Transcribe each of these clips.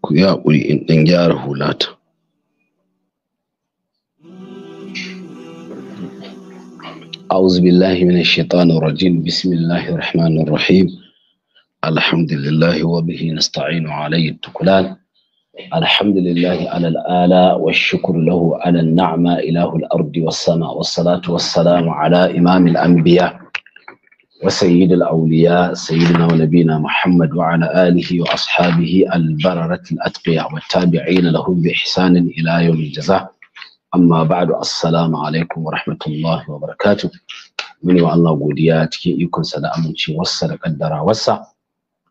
ku yi haƙuri in ɗan gyara hulata أعوذ بالله من الشيطان الرجيم بسم الله الرحمن الرحيم الحمد لله وبه نستعين عليه التكلان الحمد لله على الآلاء والشكر له على النعمة إله الأرض والسماء والصلاة والسلام على إمام الأنبياء وسيد الأولياء سيدنا ونبينا محمد وعلى آله وأصحابه البررة الأتقياء والتابعين لهم بإحسان إلى يوم الجزاء أما بعد السلام عليكم ورحمة الله وبركاته muni wa Allah godiya cikin ikonsa da amincewarsa da kaddarawarsa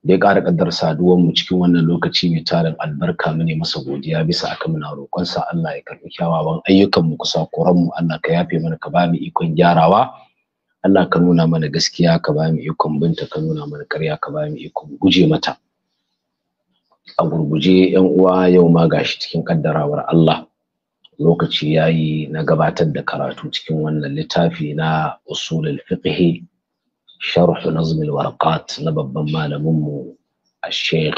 da ya ƙara ƙaddar saduwar mu cikin wannan lokaci mai tarin albarka mune masa godiya bisa aka muna sa Allah ya karɓi kyawawan ayyukan mu kusa koran mu Allah ka yafe mana ka ba mu ikon gyarawa Allah ka nuna mana gaskiya ka ba ikon binta ka nuna mana ƙarya ka ba ikon guje mata a gurguje yan uwa yau ma gashi cikin ƙaddarawar Allah lokaci yayi na gabatar da karatu cikin wannan littafi na usulul fiqh Sharhu nazm al na babban malamin mu al-sheikh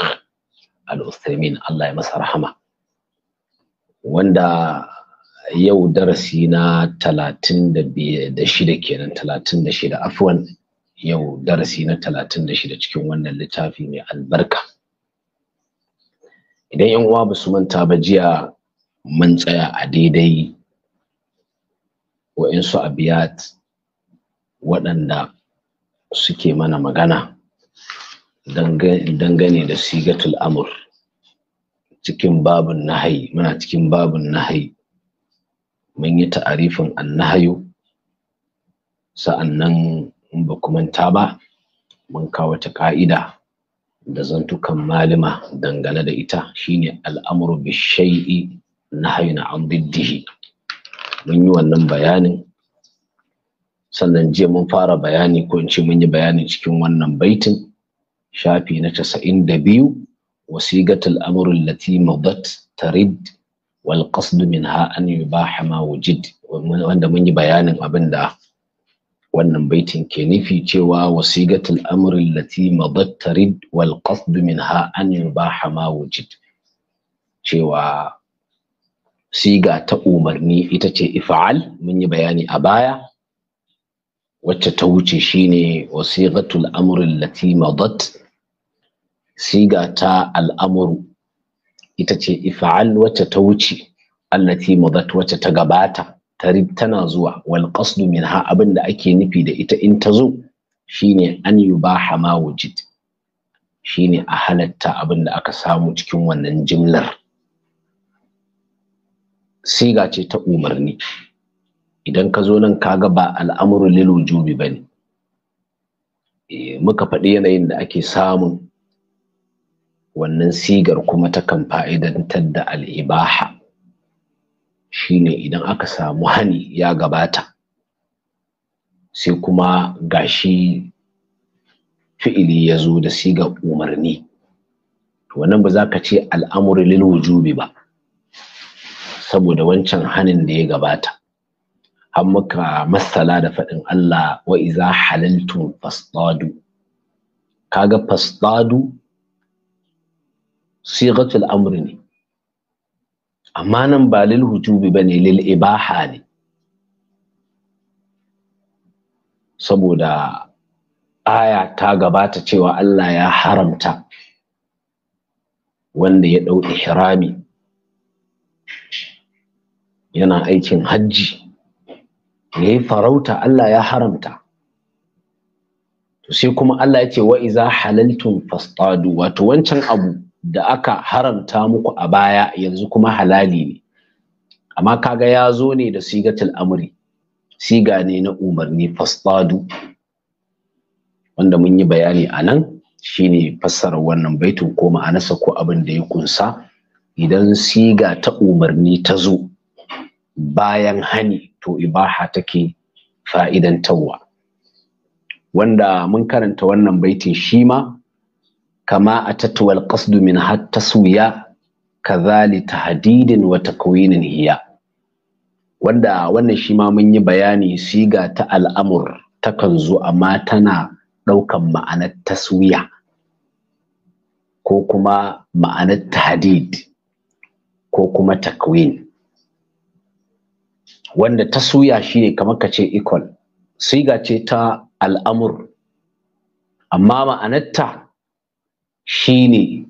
al-uthaymin Allah ya masa rahama wanda yau darasi na talatin da shida kenan talatin da shida afwan yau darasi na talatin da shida cikin wannan littafi mai albarka idan yan uwa ba su manta ba jiya mun tsaya a daidai wa'insu abiyat waɗanda suke mana magana dangane da sigatul amur, cikin babin nahayi muna cikin babin nahayi mun yi ta'arifin annahayu sa'annan in ba ku manta ba mun kawo ta ka'ida da zantukan malima dangane da ita shine al'amuru bi shay'i na an diddihi mun yi wannan bayanin sannan jiya mun fara bayani ko in ce mun yi bayani cikin wannan baitin shafi na casa'in da biyu wasigatul amrul lati madat tarid wal qasdu ha an ba hama wujid wanda mun yi bayanin abin da wannan baitin ke nufi cewa wasigatul amrul lati madat tarid wal qasdu minha an ba hama wujid cewa siga ta umarni ita ce ifa'al mun yi bayani a baya wacce ta wuce shine wasiqatul amr allati madat siga ta al'amuru ita ce ifa'al wacce ta wuce allati madat wacce ta gabata tarib tana zuwa wal qasdu minha abinda ake nufi da ita in ta zo shine an yubaha ma wujid shine a halatta abinda aka samu cikin wannan jimlar siga ce ta umarni idan ka zo nan kaga ba al'amuru lil wujubi bane eh, muka faɗi yanayin da ake samun wannan sigar kuma takan fa'idantar da al'ibaha shine idan aka samu hani ya gabata sai kuma gashi fi'ili ya zo da sigar umarni wannan ba za ka ce al'amuru lil wujubi ba saboda wancan hanin da ya gabata Hammaka muka masala da faɗin Allah wa iza halaltum fasdadu kaga fastadu sigatul amri ne amma nan ba lil hujubi bane lil ibaha ne saboda aya ta gabata cewa Allah ya haramta wanda ya ɗau ihrami yana aikin hajji yayi farauta Allah ya haramta to sai kuma Allah ya ce wa iza halaltum fastadu wato wancan abu da aka haramta muku a baya yanzu kuma halali ne amma kaga ya zo ne da sigatul amri siga ne na umarni fastadu wanda mun yi bayani a nan shine fassara wannan baitin ko ma'anarsa ko abin da ya kunsa idan siga ta umarni ta zo bayan hani to ibaha take fa'idan tawwa wanda mun karanta wannan baitin shi ma kama a tattuwal qasdu min taswiya kazali tahdidin wa takwinin hiya wanda wannan shi ma mun yi bayani siga ta al'amur takan zo amma tana ɗaukan ma'anar taswiya ko kuma ma'anar tahdid ko kuma takwin wanda ta suya shi ne kamar ka ce equal siga ce ta al'amur amma ma'anarta shi ne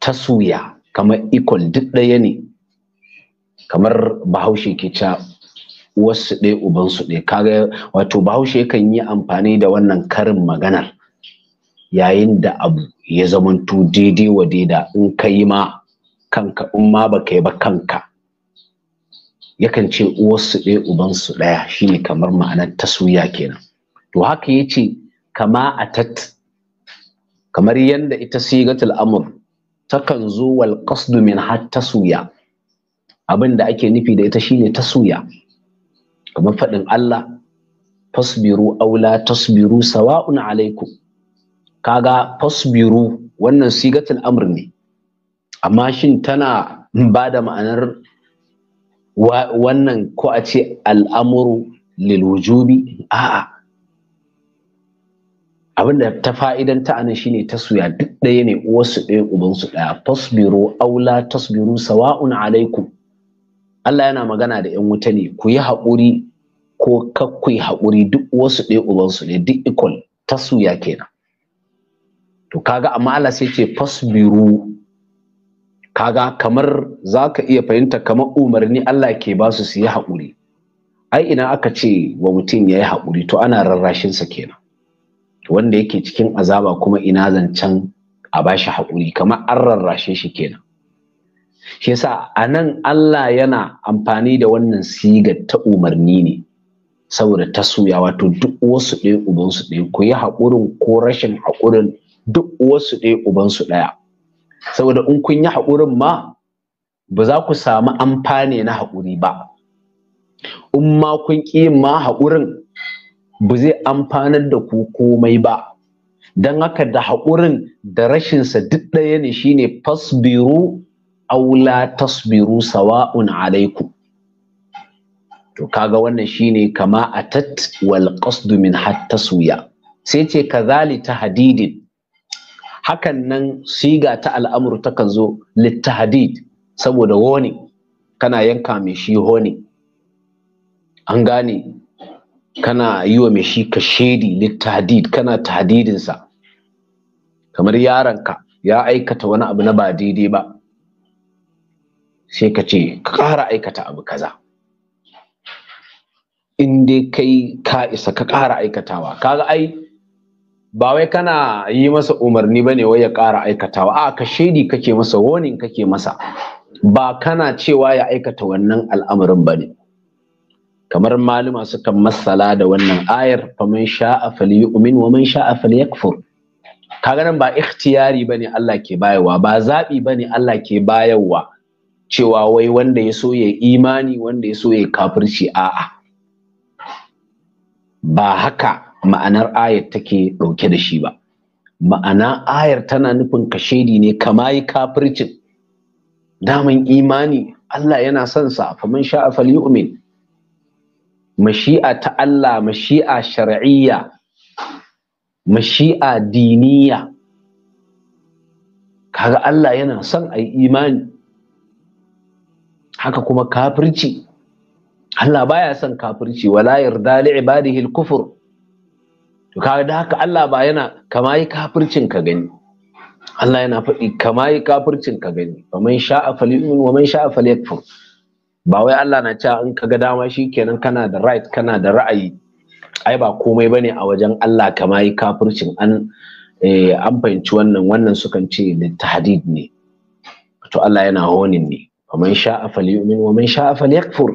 ta suya kamar equal duk ɗaya ne kamar bahaushe ke ca wasu ɗaya ubansu ɗaya kaga wato bahaushe kan yi amfani da wannan karin maganar yayin da abu ya zamantu daidai wa daida in ka yi ma kanka in ma ba ka yi ba kanka yakan ce uwarsu ɗaya ubansu ɗaya shine kamar ma'anar taswiya kenan to haka ya ce kama tat kamar yadda ita sigatul Amur, takan zo wal qasdu min har taswiya abin da ake nufi da ita shine taswiya kamar faɗin Allah fasbiru aula tasbiru sawa'un alaikum kaga fasbiru wannan sigatul amr ne amma shin tana ba da ma'anar wannan ko a ce al'amuru lilwujubi a'a abinda ta fa'idan ta anan shine ta suya duk ɗaya ne wasu ɗaya ubansu ɗaya tasbiru aula tasbiru sawa'un alaiku Allah yana magana da ‘yan wuta ne ku yi haƙuri ko kakwai haƙuri duk wasu ɗaya ubansu ne duk ikon ta suya kenan to kaga amma Allah sai ce fasbiru kaga kamar za ka iya fahimta kamar umarni Allah ke ba su su yi haƙuri ai ina aka ce wa mutum ya yi haƙuri to ana rarrashinsa kenan wanda yake cikin azaba kuma ina zancen a ba shi haƙuri kamar an rarrashe shi kenan shi yasa a nan Allah yana amfani da wannan siga ta umarni ne saboda ta suya wato duk wasu ɗaya ubansu ɗaya ku yi haƙurin ko rashin haƙurin duk wasu ɗaya ubansu ɗaya saboda in kun yi haƙurin ma ba za ku samu amfani na haƙuri ba in ma kun ƙi ma haƙurin ba zai amfanar da ku komai ba don haka da haƙurin da rashinsa duk ɗaya ne shine fasbiru aula tasbiru sawa'un alaiku. to kaga wannan shine kama atat wal qasdu min hatta suya sai ce kazali ta hadidin hakan nan siga ta al'amuru kan zo littahadid saboda honi kana yanka mai shi honi an gane kana yi wa mai shi ka shedi littahadid kana tahdidinsa kamar yaronka ya aikata wani abu na ba daidai ba sai ka ce ka ƙara aikata abu kaza in dai kai ka isa ka ƙara aikatawa kaga ai ba wai kana yi masa umarni ba ne wai ya ƙara aikatawa a ka shaidi kake masa warning kake masa ba kana cewa ya aikata wannan al'amarin ba ne kamar malama sukan masala da wannan ayar faman sha'a falyu'min wa man sha'a falyakfur kaga nan ba ikhtiyari bane Allah ke bayarwa ba zabi bane Allah ke bayarwa cewa wai wanda ya so ya imani wanda ya so ya kafirci a'a ba haka ma'anar ayar take ɗauke da shi ba ma'ana ayar tana nufin kashedi ne kama yi kafircin daman imani Allah yana son sa fa man sha'a falyu'min mashi'a ta Allah mashi'a shar'iyya mashi'a diniya kaga Allah yana son ai imani haka kuma kafirci Allah baya son kafirci wala yarda li ibadihi al-kufr to kaga da haka Allah ba yana kama yi kafircin ka gani Allah yana faɗi kama yi kafircin ka gani wa man sha'a falyu'min wa man sha'a falyakfur ba wai Allah na cewa in kaga dama shikenan kana da right kana da ra'ayi ai ba komai bane a wajen Allah kama yi kafircin an eh an fahimci wannan wannan sukan ce littahdid ne to Allah yana honin ne wa man sha'a falyu'min wa man sha'a falyakfur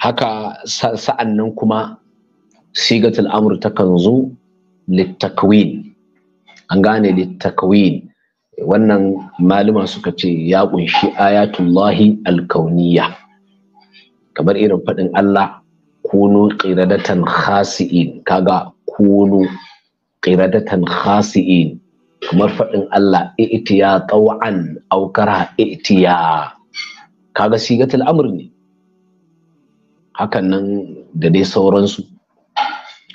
haka sa'annan kuma sigatul amr takan zo littakwin an gane littakwin wannan maluma suka ce ya ƙunshi ayatullahi alkauniya kamar irin faɗin Allah kunu ƙiradatan khasi'in kaga kunu ƙiradatan khasi'in kamar faɗin Allah i'tiya taw'an aw kara i'tiya kaga sigatul amr ne hakan nan da dai sauransu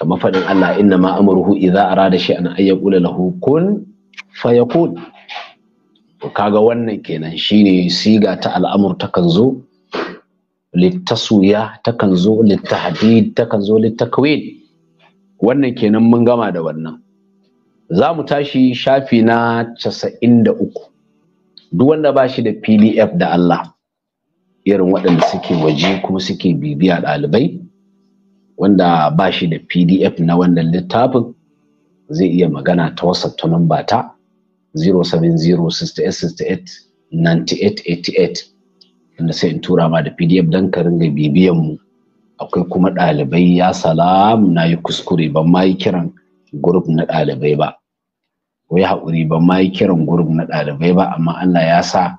kamar faɗin Allah inna ma amruhu idza arada shay'an an yaqula lahu kun fayakun to kaga wannan kenan shine siga ta al'amur ta zo littaswiya ta zo littahdid ta zo littakwin wannan kenan mun gama da wannan za mu tashi shafi na 93 duk wanda ba shi da pdf da Allah irin waɗanda suke waje kuma suke bibiya ɗalibai wanda ba shi da pdf na wannan littafin zai iya magana ta whatsapp ta namba ta 07068689888 wanda sai in tura ma da pdf don ka ringa bibiyan mu akwai kuma ɗalibai ya salam na yi kuskure ban ma yi kiran grup na ɗalibai ba wai haƙuri ban ma yi kiran gurup na ɗalibai ba amma allah ya sa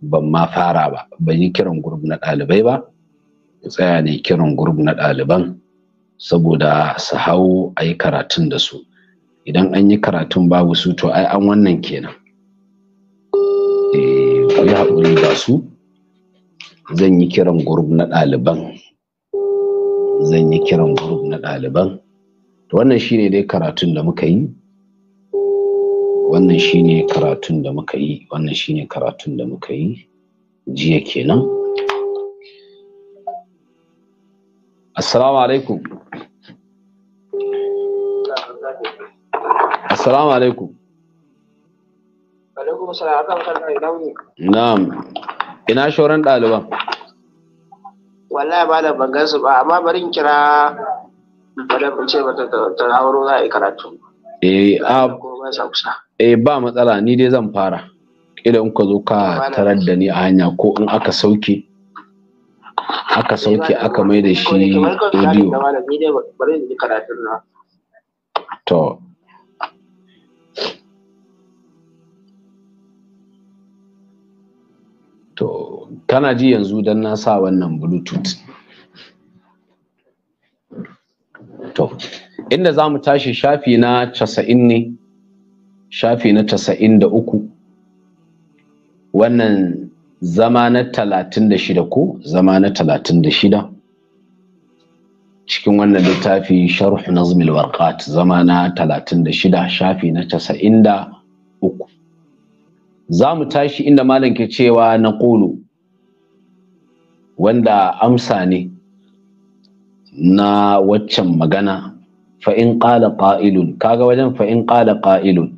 ban ma fara ba ban yi kiran grup na ɗalibai ba tsaya ne kiran grup na ɗaliban saboda su hau a yi karatun da su idan an yi karatun babu su to ai an wannan kenan eh, ku yi haƙuri ba su zan yi kiran gurub na ɗaliban zan yi kiran na ɗaliban wannan shine dai karatun da muka yi wannan shine karatun da muka yi wannan shine karatun da muka yi jiya kenan assalamu alaikum assalamu alaikum alaikum salam akan kan ina na'am ina shoran ɗaliban wallahi malam da ban su ba amma bari in kira bada ku ce ba ta hauro za a yi karatu eh a eh ba matsala ni dai zan fara idan ka zo ka tarar da ni a hanya ko in aka sauke aka sauke aka mai da shi audio to to kana ji yanzu dan na sa wannan bluetooth to inda za mu tashi shafi na casa'in ne shafi na casa'in da uku wannan zama na talatin da shida ko zama na talatin da shida cikin wannan littafi sharhu nazmil warqat zama na talatin da shida shafi na casa'in da uku za mu tashi inda malam ke cewa na ƙulu wanda amsa ne na waccan magana fa'in ƙala ƙa'ilun kaga wajen fa'in ƙala ƙa'ilun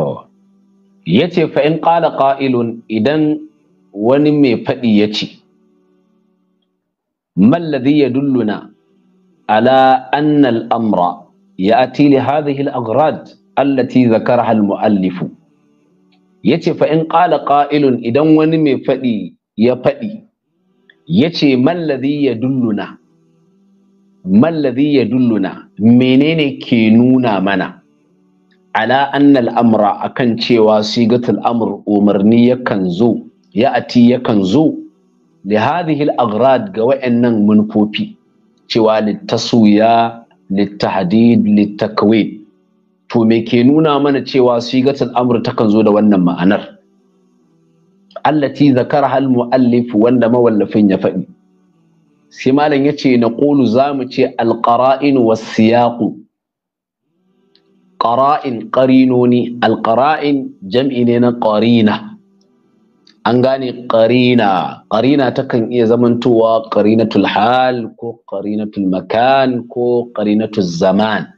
To, ya ce fa’in ƙala ƙa’ilun idan wani mai faɗi ya ce, ya dulluna ala annal amra ya atili hazihil agrad allati zakar hal mu’allifu. Ya ce fa’in ƙala ƙa’ilun idan wani mai faɗi ya faɗi, ya ce ya dulluna, mallazi ya dulluna, menene ke nuna mana? ala annal amra akan cewa sigatul amr umarni yakan zo ya ati yakan zo li hadhihi al-aghrad ga wayannan munfofi cewa littasuya littahdid littakwid to me ke nuna mana cewa sigatul amr takan zo da wannan ma'anar allati zakaraha al-muallif wanda mawallafin ya faɗi sai malam yace naqulu zamu ce al-qara'in was-siyaqu ƙara'in ƙarinoni alƙara'in jam'i ne na ƙarina an gane ƙarina ƙarina takan iya zamantowa ƙarinatul hal ko ƙarinatul makan ko ƙarinatul zaman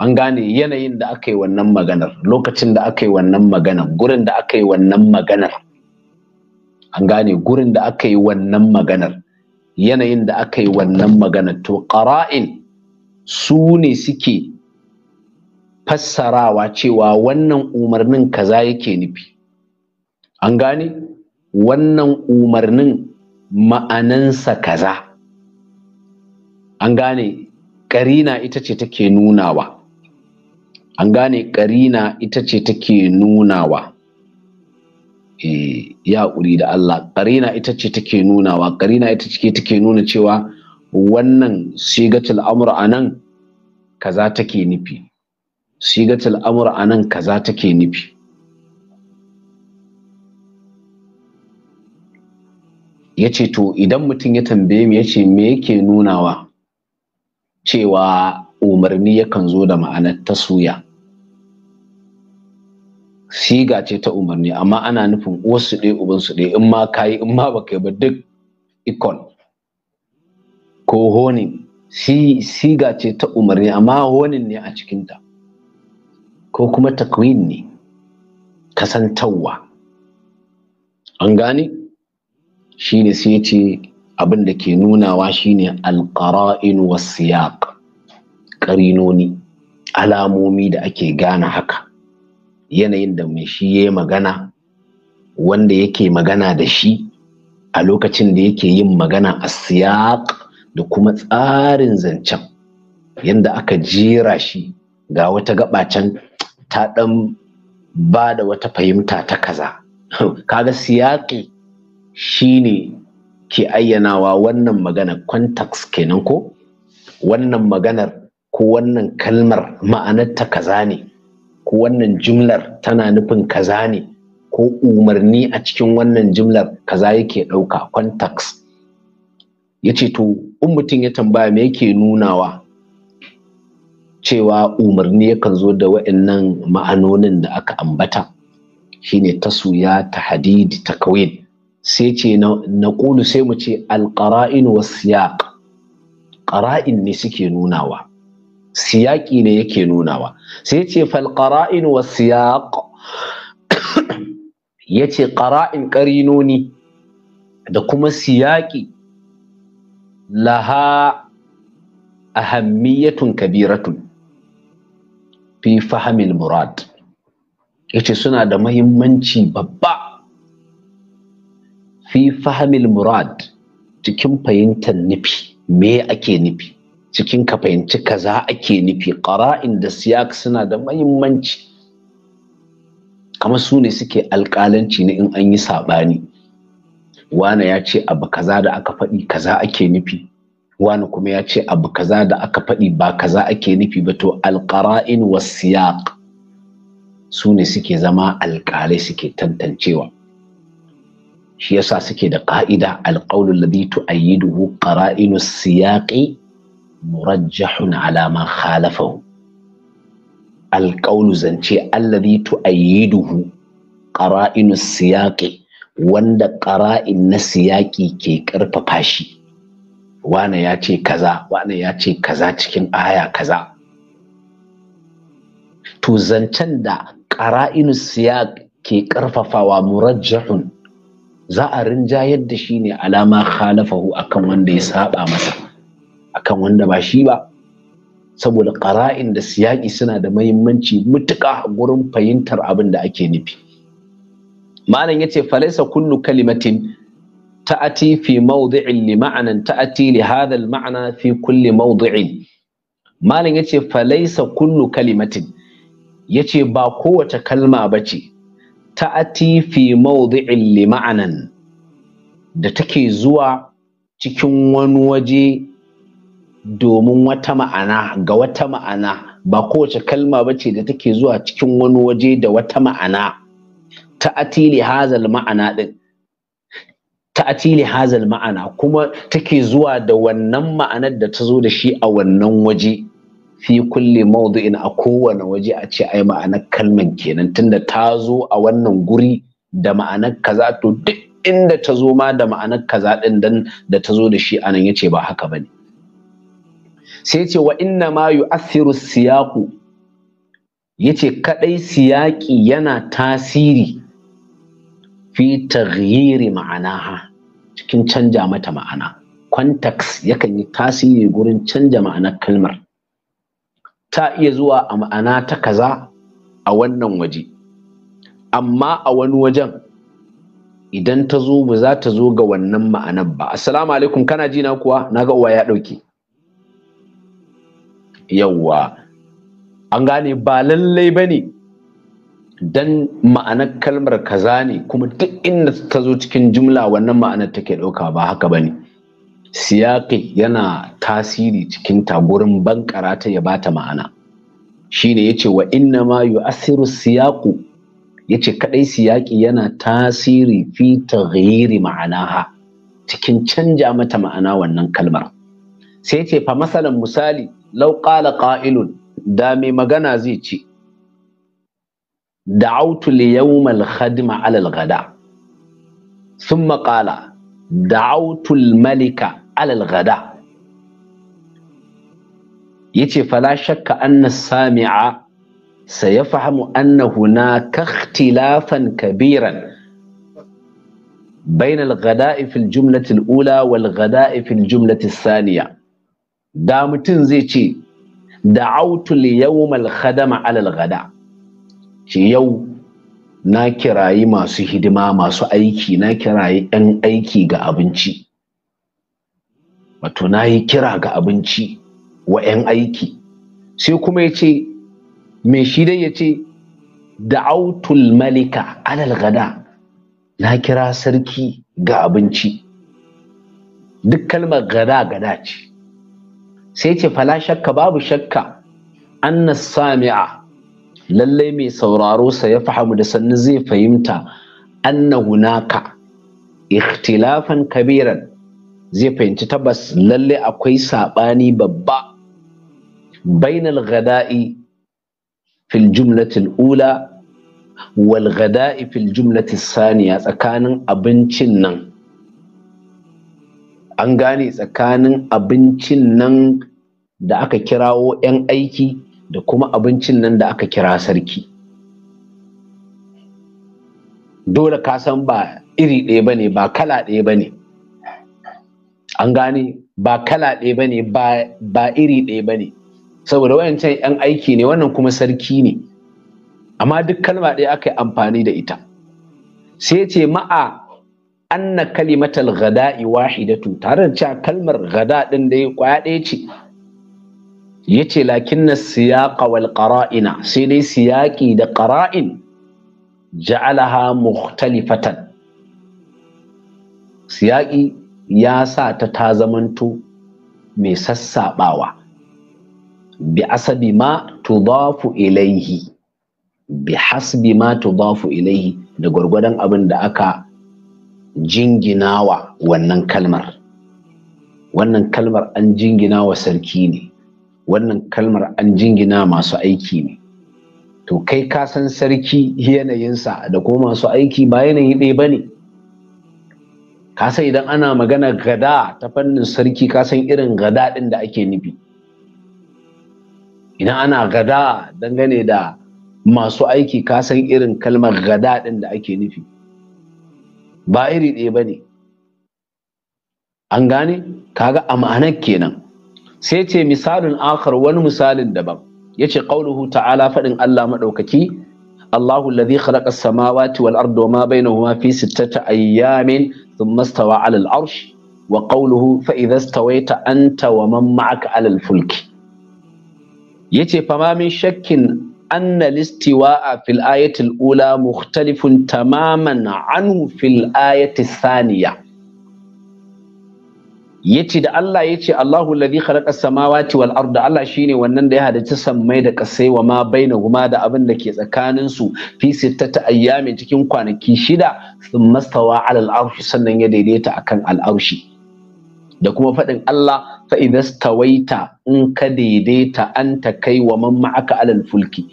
an gane yanayin da aka yi wannan maganar lokacin da aka yi wannan maganar gurin da aka yi wannan maganar an gane gurin da aka yi wannan maganar yanayin da aka yi wannan maganar to ƙara'in su ne suke fassarawa cewa wannan umarnin kaza yake nufi an gane wannan umarnin ma'anansa kaza an gane ƙarina ita ce take nunawa an gane karina ita ce take nunawa e, eh, ya ƙuri da Allah ƙarina ita ce take nunawa ƙarina ita ce take nuna cewa wannan shigatul amur a nan kaza take nufi sigatul amur a nan kaza take nufi ya ce to idan mutum ya tambaye mu ya ce me yake nunawa cewa umarni yakan zo da ma'anar suya siga ce ta umarni amma ana nufin wasu ɗaya uban su in ma kayi in ma baka ba duk ikon ko honin siga ce ta umarni amma honin ne a cikinta ko kuma takwin ne kasantawa an gane shi ne sai ce abin da ke nunawa shine alƙara'in wasiyaq ƙarinoni alamomi da ake gane haka yanayin da mai shi ya magana wanda yake magana da shi a lokacin da yake yin magana a siyaq da kuma tsarin zancen yadda aka jera shi ga wata gaba can ta ɗan ba da wata fahimta ta kaza kaga siyaƙi ne ke ayyanawa wannan magana context kenan ko wannan maganar ko wannan kalmar ma'anarta kaza ne ko wannan jimlar tana nufin kaza ne ko umarni a cikin wannan jimlar kaza yake ɗauka context ya ce to in mutum ya tambaya me yake nunawa cewa umarni yakan zo da wa'annan ma'anonin da aka ambata shine ta ta takwin sai ce na ƙulu sai mu ce alƙara'in wa siyaƙ ƙara'in ne suke nunawa siyaƙi ne yake nunawa sai ce falƙara'in wa siyaƙ ya ce ƙara'in ƙarinoni da kuma siyaƙi laha ahammiyatun kabiratun fi fahimil murad yace suna da mahimmanci babba fi fahimil murad cikin fahimtar nufi me ake nufi cikin ka fahimci kaza ake nufi ƙara'in da siyak suna da mahimmanci kamar su ne suke alƙalanci ne in an yi saɓani wane ya ce abu kaza da aka faɗi kaza ake nufi wani kuma ya ce abu kaza da aka faɗi ba kaza ake nufi ba to alƙara'in wasiyaq su ne suke zama alƙalai suke tantancewa shi yasa suke da ƙa'ida alƙaulul ladhi tu'ayyiduhu qara'inu siyaqi murajjahun ala khalafahu alƙaulu zance alladhi tu'ayyiduhu qara'inu siyaƙi, wanda ƙara'in na siyaƙi ke ƙarfafa shi wane ya ce kaza wane ya ce kaza cikin aya kaza to zancen da ƙara'inu siya ke ƙarfafawa murajjahun za a rinjayar da shi ne alama khalafahu akan wanda ya saba masa akan wanda ba shi ba saboda ƙara'in da siyaƙi suna da mahimmanci mutuƙa gurin fahimtar abin da ake nufi malam ya ce falaisa kullu kalimatin تأتي في موضع لمعنى تأتي لهذا المعنى في كل موضع مالن يتي فليس كل كلمة يتي باقوة كلمة بتي تأتي في موضع لمعنى da take zuwa cikin wani waje domin wata ma'ana ga wata ma'ana ba kowace kalma ba ce da take zuwa cikin wani waje da wata ma'ana ta atili hazal ma'ana ɗin ta'atili hazal ma'ana kuma take zuwa da wannan ma'anar da ta zo da shi a wannan waje fi kulli mawdu'in a kowane waje a ce ai ma'anar kalman kenan tunda ta zo a wannan guri da ma'anar kaza to duk inda ta zo ma da ma'anar kaza din dan da ta zo da shi anan yace ba haka bane sai ce wa inna ma yu'athiru siyaqu yace kadai siyaqi yana tasiri fi taghyiri ma'anaha cikin canja mata ma'ana context yakan yi tasiri gurin canja ma'anar kalmar ta iya zuwa a ma'ana ta kaza a wannan waje amma a wani wajen idan ta zo ba za ta zo ga wannan ma'anar ba assalamu alaikum kana ji na kuwa na ga uwa ya ɗauke yawwa an gane ba lallai ba ne dan ma'anar kalmar kaza ne kuma duk inda ta zo cikin jumla wannan ma'anar take ɗauka ba haka ba ne siyaƙi yana tasiri cikin tagurin bankara ta ya bata ma'ana shine yace wa inna ma yu'athiru siyaqu yace kadai siyaki yana tasiri fi taghyiri ma'anaha cikin canja mata ma'ana wannan kalmar sai yace fa masalan misali law qala qa'ilun da mai magana zai ce دعوت ليوم الخدم على الغداء ثم قال دعوت الملك على الغداء يتي فلا شك أن السامع سيفهم أن هناك اختلافا كبيرا بين الغداء في الجملة الأولى والغداء في الجملة الثانية دامتن زيتي دعوت ليوم الخدم على الغداء ce yau na kirayi masu hidima masu aiki na kirayi 'yan aiki ga abinci wato na yi kira ga abinci wa 'yan aiki sai kuma ya ce mai shi dai ya ce da'autul malika alal gada na kira sarki ga abinci duk kalmar gada gada ce sai ce fala shakka babu shakka annas sami'a lallai mai sauraro sa ya fahimu da sannu zai fahimta anna hunaka ikhtilafan kabiran zai fahimci tabbas lallai akwai saɓani babba bainal gada'i fil jumlatil ula wal gada'i fil jumlatil saniya tsakanin abincin nan an gane tsakanin abincin nan da aka kirawo 'yan aiki da kuma abincin nan da aka kira sarki dole ka san ba iri ɗaya bane, ba kala ɗaya ba an gane ba kala ɗaya ba ba iri ɗaya ba ne saboda wayancan 'yan aiki ne wannan kuma sarki ne amma duk kalma ɗaya aka yi amfani da ita sai ce ma'a anna kalimatal ghada'i wahidatu tare da cewa kalmar ghada ɗin da ya kwaya ɗaya ce Yace lakin na siyaƙa wal ƙara'ina sai dai siyaƙi da ƙara'in ja'alaha mukhtalifatan siyaƙi ya sa ta ta zamanto mai sassaɓawa bi asabi ma tudafu ilaihi bi hasbi ma tudafu ilaihi da gwargwadon abin da aka jinginawa wannan kalmar wannan kalmar an jinginawa sarki ne wannan kalmar an jingina masu aiki ne to kai ka san sarki yanayinsa da ko masu aiki ba yanayi ɗaya ba ne ka san idan ana magana gada ta fannin sarki ka san irin gada ɗin da ake nufi idan ana gada dangane da masu aiki ka san irin kalmar gada ɗin da ake nufi ba iri ɗaya ba ne an gane kaga a ma'anar kenan sai ce misalin akhar wani misalin daban yace qauluhu ta'ala fadin Allah madaukaki Allahu alladhi khalaqa as-samawati wal arda wama bainahuma fi sittati ayyamin thumma istawa 'ala al-'arsh wa ƙauluhu fa idha istawaita anta wa man ma'aka 'ala al-fulki yace fa ma min shakkin anna listiwa'a fil ayati al-ula mukhtalifun tamaman anhu fil ayati ath yace da Allah yace Allahu alladhi khalaqa samawati wal arda Allah shine wannan da ya hadace sammai da kasai wa ma baina guma da abin da ke tsakanin su fi sittata ayyamin cikin kwanaki shida thumma stawa ala al arshi sannan ya daidaita akan al arshi da kuma faɗin Allah fa idza in ka daidaita anta kai wa man ma'aka alal fulki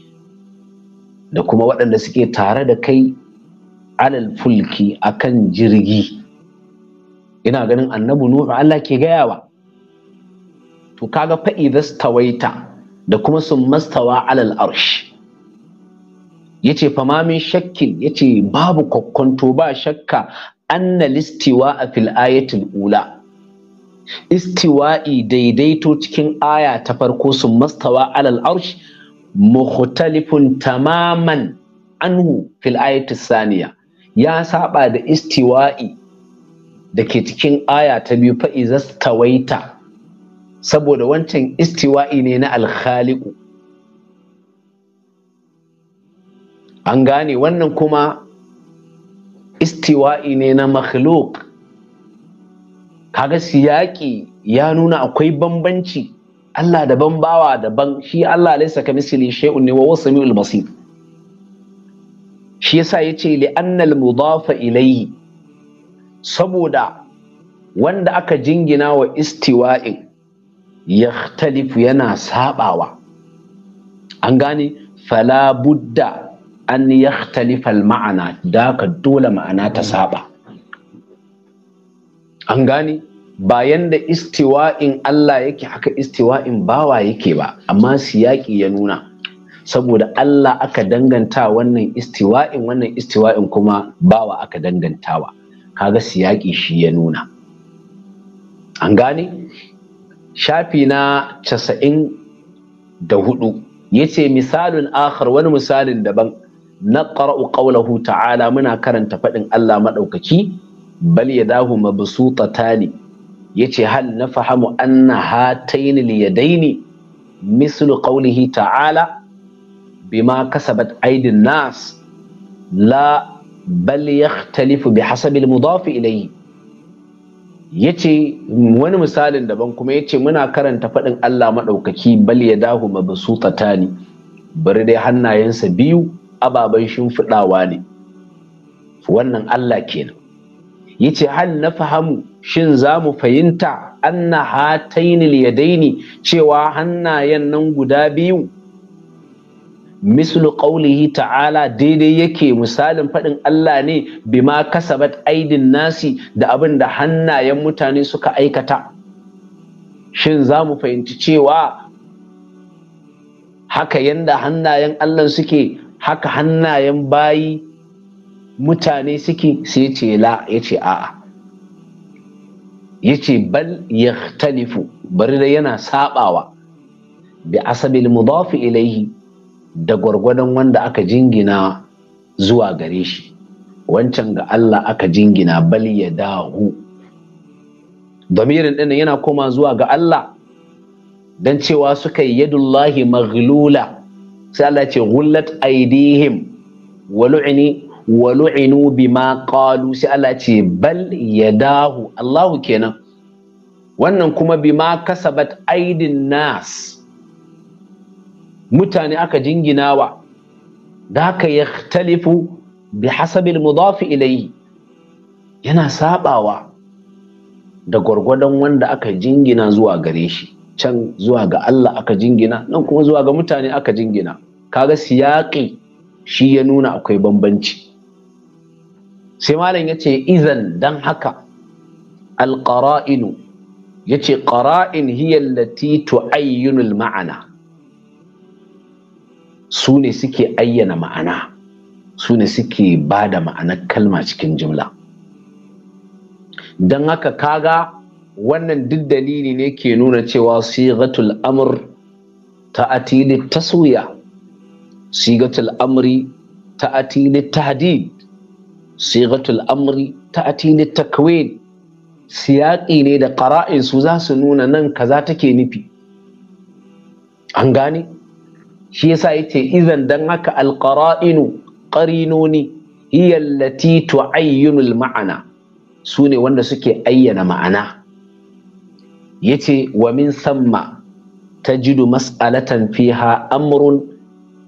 da kuma waɗanda suke tare da kai alal fulki akan jirgi ina ganin annabi nuhu Allah ke gayawa to kaga fa tawaita da kuma sun mastawa alal arsh yace fa mamin shakkin yace babu kokkonto ba shakka anna listiwa a fil ayatul ula istiwa'i daidaito cikin aya ta farko sun mastawa alal arsh mukhtalifun tamaman anhu fil ayatul saniya ya saba da istiwa'i da ke cikin aya ta biyu fa'izas tawaita saboda wancan istiwa'i ne na alkhaliku an gane wannan kuma istiwa'i ne na makhluk kaga siyaki ya nuna akwai bambanci Allah daban bawa daban shi Allah laisa ka misli shay'un ne wa huwa basir shi yasa yace li annal mudafa ilayhi saboda wanda aka jingina wa istiwa'in ya yana sabawa an gane fala budda an ya ma'ana da ka dole ma'ana ta saba an gane bayan da istiwa'in Allah yake haka istiwa'in bawa yake ba amma siyaƙi ya nuna saboda Allah aka danganta wannan istiwa'in wannan istiwa'in kuma bawa aka dangantawa kaga siyaki shi ya nuna an gane shafi na casa'in da hudu ya misalin akhar wani misalin daban na ƙara'u ƙaunahu ta'ala muna karanta faɗin Allah maɗaukaki bal ya dahu mabsuta ya ce hal na fahamu anna hataini liyadaini mislu qaulihi ta'ala bima kasabat aidin nas la bal yakhtalifu bi hasabil mudafi ilayhi yace wani misalin daban kuma yace muna karanta faɗin Allah maɗaukaki bal ya dahu mabsutatani bari dai hannayensa biyu ababen shimfiɗawa ne wannan Allah kenan yace hal na fahamu shin za mu fahimta anna hatainil yadaini cewa hannayen nan guda biyu mislu qawlihi ta'ala daidai yake misalin faɗin Allah ne bima kasabat aidin nasi da abin da hannayen mutane suka aikata shin za mu fahimci cewa haka yanda hannayen Allah suke haka hannayen bayi mutane suke sai ce la ya ce a'a ya ce bal ya bari da yana sabawa bi asabil mudafi ilaihi da gwargwadon wanda aka jingina zuwa gare shi wancan ga Allah aka jingina bal ya dahu domirin ɗin yana koma zuwa ga Allah don cewa suka yi yadullahi maghlula sai Allah ce gullat aidihim walu'ini walu'inu bima qalu sai Allah ce bal ya dahu. Allahu kenan wannan kuma bima kasabat aidin nas mutane aka jinginawa da haka ya talifu bi hasabil mudafi ilayhi yana sabawa da gwargwadon wanda aka jingina zuwa gare shi can zuwa ga Allah aka jingina nan kuma zuwa ga mutane aka jingina kaga siyaƙi shi ya nuna akwai bambanci sai malam ya ce izan dan haka alƙara'inu ya ce ƙara'in hiyallati tu'ayyinul ma'ana su ne suke ayyana ma'ana su ne suke ba da ma'anar kalma cikin jimla don haka kaga wannan duk dalili ne ke nuna cewa sigatul amr ta atili taswiya sigatul amri ta atili tahdid sigatul amri ta atili takwin siyaƙi ne da ƙara'in su za su nuna nan kaza take nufi an gane shi yasa yace idan dan haka alqara'inu qarinuni hiya allati tu'ayyinu alma'ana su ne wanda suke ayyana ma'ana yace wa min samma tajidu mas'alatan fiha amrun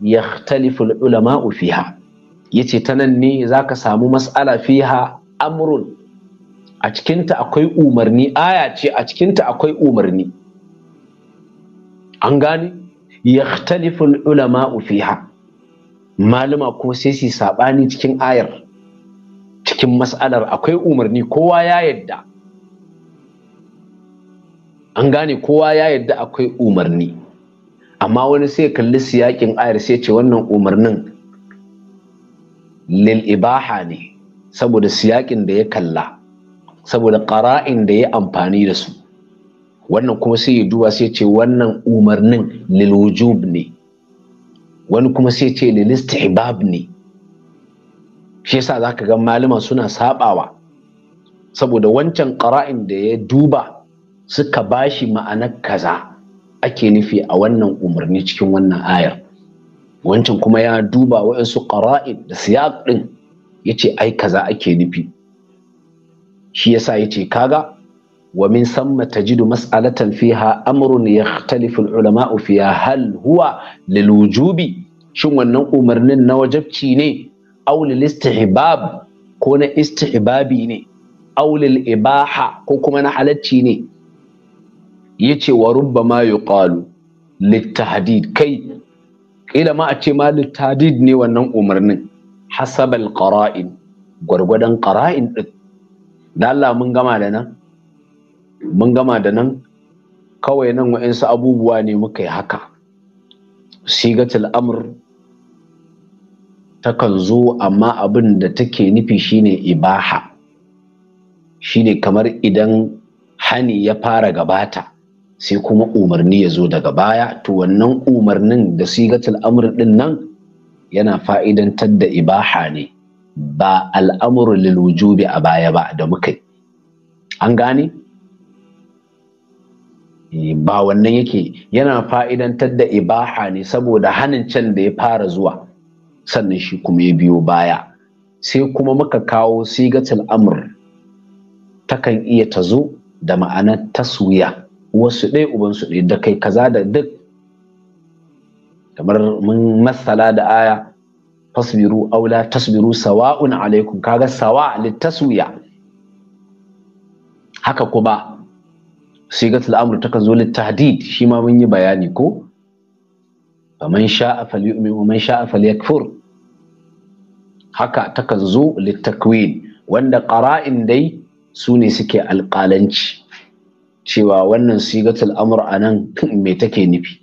yakhtalifu ulama'u fiha yace ta nan ne zaka samu mas'ala fiha amrun a cikinta akwai umarni aya ce a cikinta akwai umarni an gane yaktaliful ulama fiha malama ko sai su sabani cikin ayar cikin mas'alar akwai umarni kowa ya yadda an gane kowa ya yadda akwai umarni amma wani sai kalli siyakin ayar sai ce wannan umarnin lil ibaha ne saboda siyakin da ya kalla saboda ƙara'in da ya amfani da su wannan kuma sai ya duba sai ce wannan umarnin lil wujub ne wani kuma sai ce lilista ne shi yasa zaka ga malama suna sabawa saboda wancan qara'in da ya duba suka bashi ma'anar kaza ake nufi a wannan umarni cikin wannan ayar wancan kuma ya duba waɗansu qara'in da siyaq din yace ai kaza ake nufi shi yasa yace kaga ومن ثم تجد مسألة فيها أمر يختلف العلماء فيها huwa? هو للوجوب شو wannan umarnin na wajabci ne aw lil istihbab ko na istihbabi ne aw lil ibaha ko kuma na halacci ne yace wa rubbama yuqalu lit tahdid kai kila ma ce ma lit ne wannan umarnin hasabal ƙara'in, gwargwadon ƙara'in ɗin. da Allah mun gama da nan mun gama da nan kawai nan wa'insu abubuwa ne muka yi haka sigatul amr takan zo amma abin da take nufi shine ibaha shine kamar idan hani ya fara gabata sai kuma umarni ya zo daga baya to wannan umarnin da sigatul amr din nan yana fa'idantar da ibaha ne ba al'amuru lil wujubi a baya ba da muka yi an gane Eh, ba wannan yake yana fa'idantar da ibaha ne saboda hanin can da ya fara zuwa sannan shi kuma ya biyo baya sai kuma muka kawo sigatul amr takan iya ta zo da ma'anar taswiya wasu ɗaya ubansu ɗaya da kai kaza da duk kamar mun masala da aya tasbiru aula tasbiru sawa'un alaikum kaga sawa taswiya, haka kuma sigatul amr takan zo littahdid shi ma mun yi bayani ko faman sha'a falyu'min wa man sha'a falyakfur haka takan zo littakwin wanda qara'in dai su ne suke alƙalanci cewa wannan sigatul a anan me take nufi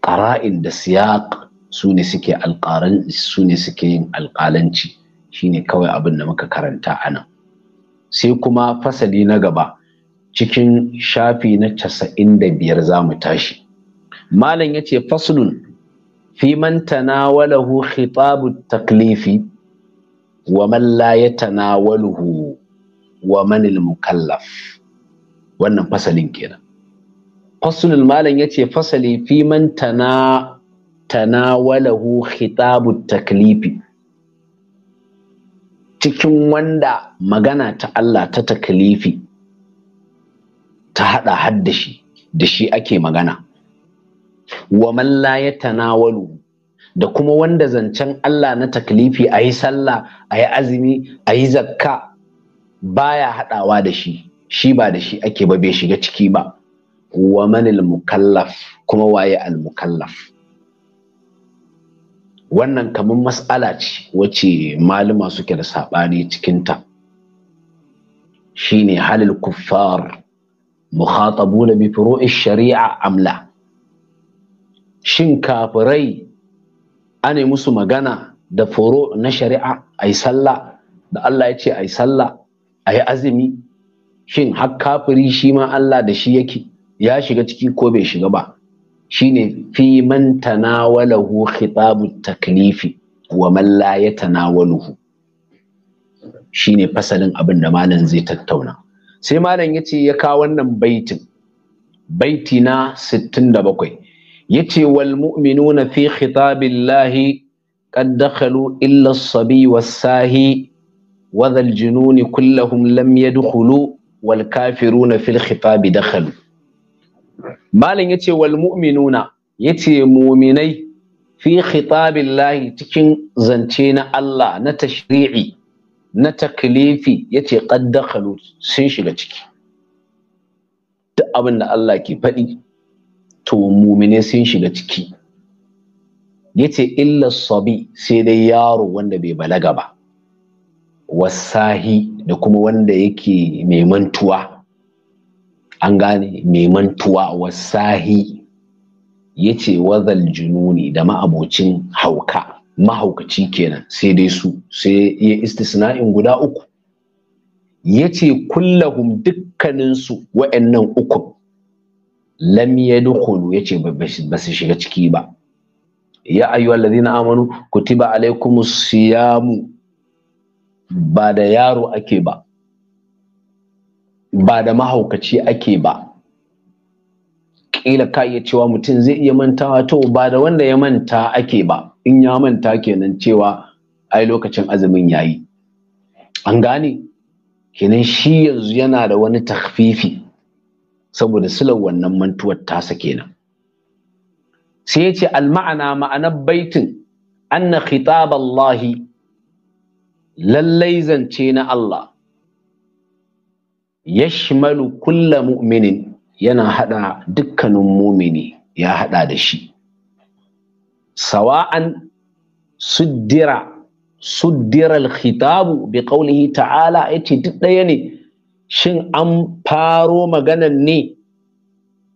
qara'in da siyaq su ne suke alƙaran su ne suke yin alƙalanci shine kawai abin da muka karanta anan sai kuma fasali na gaba cikin shafi na casa'in da biyar za mu tashi malam ya ce fasulun fi man tanawalahu khitabu taklifi wa man la ya tanawaluhu wa manil mukallaf wannan fasalin kenan fasulun malam ya ce fasali fi man tana tanawalahu khitabu taklifi cikin wanda magana ta Allah ta taklifi ta haɗa hadda shi da shi ake magana wa man la yatanawalu da kuma wanda zancen Allah na taklifi a yi sallah a yi azumi a yi zakka baya haɗawa da shi shi ba da shi ake ba bai shiga ciki ba wa manil mukallaf kuma waye al mukallaf wannan kamar mas'ala ce wacce malama suke da saɓani cikinta shine halil kuffar mukhatabuna bi furu'i shari'a amla shin kafirai ane musu magana da furo na shari'a ai sallah da Allah ya ce ai sallah ai azumi shin har kafiri shi ma Allah da shi yake ya shiga ciki ko bai shiga ba shine fi man tanawalahu khitabu taklifi wa man la yatanawaluhu shine fasalin abin da malam zai tattauna sai malam ya ce ya kawo wannan baitin baiti na 67 ya ce wal mu'minuna fi Lahi qad dakhalu illa as-sabi was-sahi wa dhal jununi kullahum lam yadkhulu wal kafiruna fil khitabi dakhalu malam ya ce wal mu'minuna ya ce muminai fi Lahi cikin zance na Allah na tashri'i na taklifi yace qad dakhalu sun shiga ciki duk abin da Allah ke faɗi to mumine sun shiga ciki yace illa sabi sai dai yaro wanda bai balaga ba wasahi da kuma wanda yake mai mantuwa an gane mai mantuwa wasahi yace wazal jununi da ma'abocin hauka mahaukaci kenan sai dai su sai ya istisna'in guda uku ya ce kullahum dukkaninsu wa'annan uku lam yadkhulu ya ce ba su shiga ciki ba ya ayyuha allazina amanu kutiba alaikumus siyamu ba da yaro ake ba ba da mahaukaci ake ba kila ka iya cewa mutum zai iya mantawa to ba da wanda ya manta ake ba in ya manta kenan cewa ai lokacin azumin yayi an gane kenan shi yanzu yana da wani takfifi saboda silar wannan mantuwar tasa kenan sai ya ce alma'ana ma'anar baitin anna khitab Allahi lallai zance na Allah yashmalu kulla mu'minin yana hada dukkanin mumini ya hada da shi sawa'an suddira suddira al-khitabu bi qawlihi ta'ala yace duk ɗaya ne shin an faro maganar ne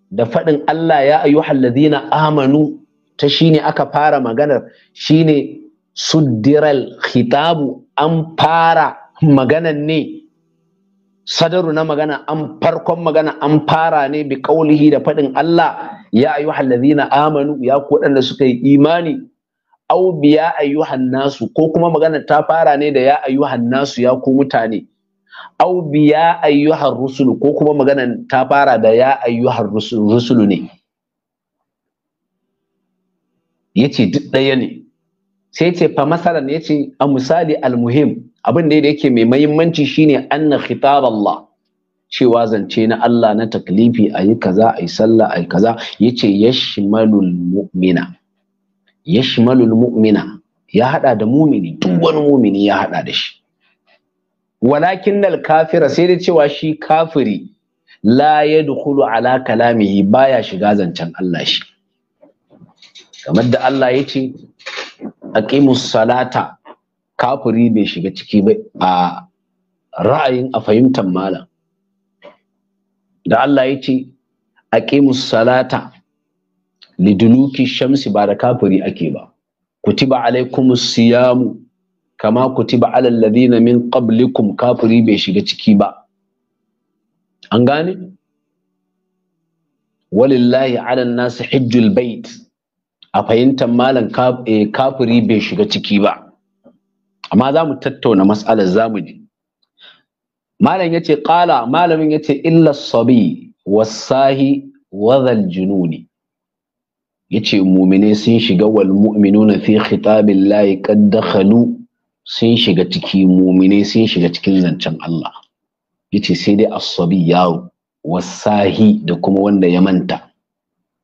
da faɗin Allah ya ayyuhal ladina amanu ta shine aka fara maganar shine suddiral khitabu an fara maganar ne sadaru na magana an farkon magana an fara ne bi kaulihi da faɗin Allah ya ayyuhal amanu ya ku waɗanda suka yi imani Aubi biya ayyuhan nasu ko kuma magana ta fara ne da ya ayyuhan ya ku mutane au biya ayyuhan rusulu ko kuma magana ta fara da ya ayyuhan rusulu ne yace duk ɗaya ne sai ce fa masalan yace a misali almuhim abin da yake mai mahimmanci shine anna khitab Allah cewa zance na Allah na taklifi a yi kaza a yi sallah a yi kaza ya ce yashmalul mu'mina yashmalul mu'mina ya hada da mumini duk wani mumini ya hada da shi walakin nal kafira sai da cewa shi kafiri la yadkhulu ala kalamihi baya shiga zancen Allah shi kamar da Allah ya ce aqimus salata kafiri bai shiga ciki ba a ra'ayin a fahimtar malam da Allah ya ce a salata liduluki shamsi ba da kafiri ake ba kutiba alaikumus siyamu kama kutiba alal ladina min qablikum kafiri bai shiga ciki ba an gane walillahi ala nasu hijjul bait a fahimtar malam eh, kafiri bai shiga ciki ba amma za mu tattauna matsalar zamuji malam yace ƙala malamin yace illa sabi wasahi wadhal jununi yace mumine sun shiga wal mu'minuna fi khitabil layi qad sun shiga ciki mumine sun shiga cikin zancen Allah yace sai dai asabi yawo wasahi da kuma wanda ya manta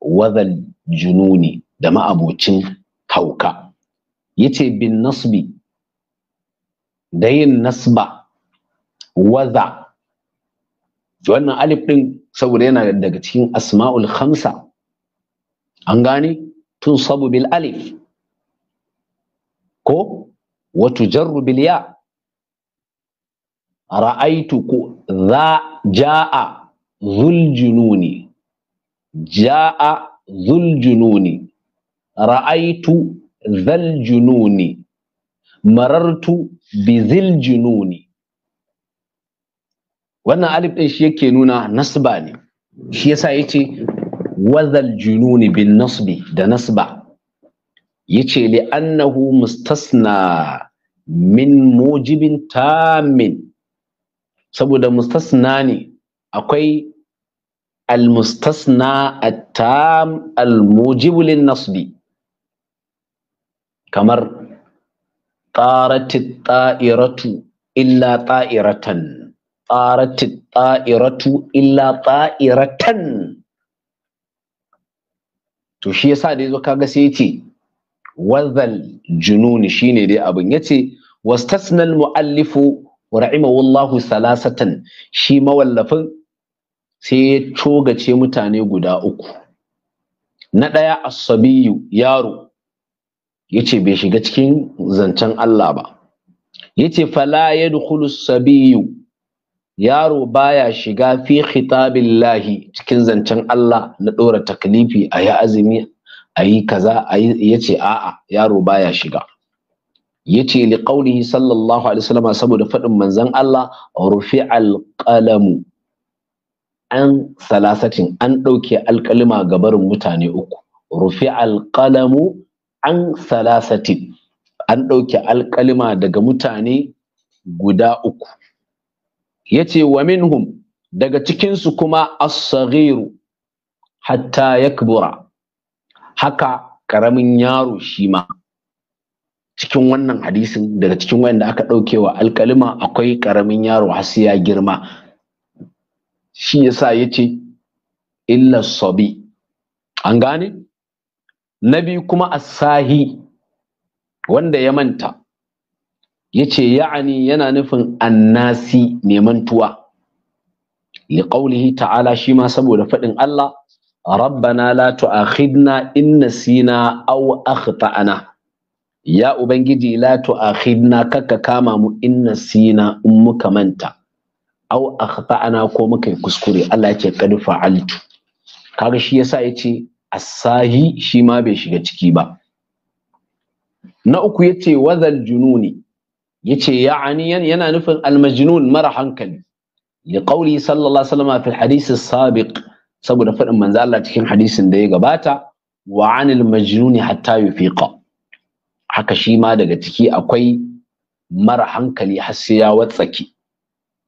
wazal jununi da ma'abocin hauka yace bin nasbi da yin nasba waza wannan alif ɗin saboda yana daga cikin asma'ul khamsa an gane tun sabu bil alif ko watu jarru bil ya ra'aitu ko za ja'a zul jununi ja'a ra'aitu zal jununi marartu bi zil wannan alif ɗin shi yake nuna nasba ne shi yasa yace wazal jununi bin nasbi da nasba yace li annahu mustasna min mujibin tamin saboda mustasna ne akwai almustasna at-tam al-mujibu nasbi kamar طارت الطائرة إلا طائرة tsarat ta'iratu illa ta'iratan to shi yasa da yazo kaga sai yace wazal jununi shine dai abin yace wastasna al muallifu rahimahullahu salasatan shi mawallafin sai ya cogace mutane guda uku na ɗaya asabiyu yaro yace bai shiga cikin zancen Allah ba yace fala yadkhulu sabiyu yaro baya shiga fi khitabillahi cikin zancen Allah na ɗora taklifi a yi azumi a kaza a yi ya ce a'a yaro baya shiga ya ce qaulihi sallallahu alaihi wasallam saboda faɗin manzon Allah rufi alƙalamu an salasatin an ɗauke alƙalima ga barin mutane uku rufi'al alƙalamu an salasatin an ɗauke alƙalima daga mutane guda uku yace wa minhum daga cikinsu kuma as-saghiru hatta yakbura haka karamin yaro shi ma cikin wannan hadisin daga cikin wanda aka wa alkalima akwai karamin yaro har ya girma shi yasa yace illa sabi an gane na biyu kuma asahi wanda ya manta yace ya'ani yana nufin annasi neman tuwa liqaulihi ta'ala shi ma saboda faɗin Allah rabbana la tu'akhidna in nasina aw akhtana ya ubangiji la tu'akhidna kaka kama mu in nasina in muka manta aw akhtana ko muka yi kuskure Allah yake kad fa'altu kaga shi yasa yace asahi shi ma bai shiga ciki ba na uku yace wazal jununi yace ya'aniyan yana nufin almajnun mara hankali li qawli sallallahu alaihi wasallam fil hadith sabiq saboda fadin manzo Allah cikin hadisin da ya gabata wa anil majnuni hatta yufiqa haka shi ma daga ciki akwai mara hankali har sai ya watsaki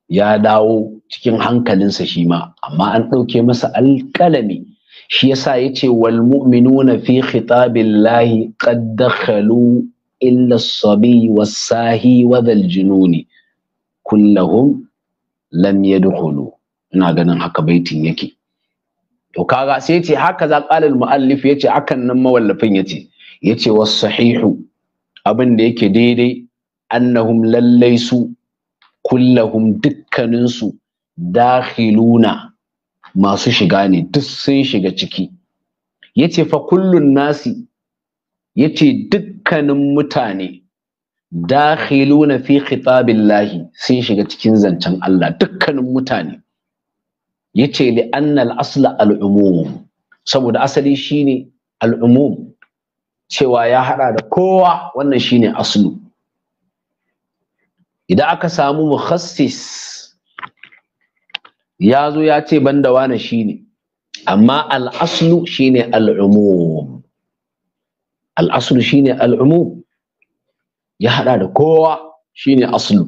ya dawo cikin hankalinsa shi ma amma an ɗauke masa alƙalami shi yasa yace wal mu'minuna fi khitabillahi qad dakhalu illa sabi wasahi wadal jununi kullahum lam yadkhulu ina ganin haka baitin yake to kaga sai yace haka za qala muallif yace akan nan mawallafin yace yace was sahihu abin da yake daidai annahum lallai su kullahum dukkanin su dakhiluna masu shiga ne duk sun shiga ciki yace fa kullun nasi yace dukkanin mutane dakhiluna fi khitabillahi sun shiga cikin zancen Allah dukkanin mutane yace li al asla al-umum saboda asali shine al-umum cewa ya hada da kowa wannan shine aslu idan aka samu mukhassis ya zo ya ce banda wane shine amma al'aslu shine al-umum al'aslu shine al'umu ya hada da kowa shine aslu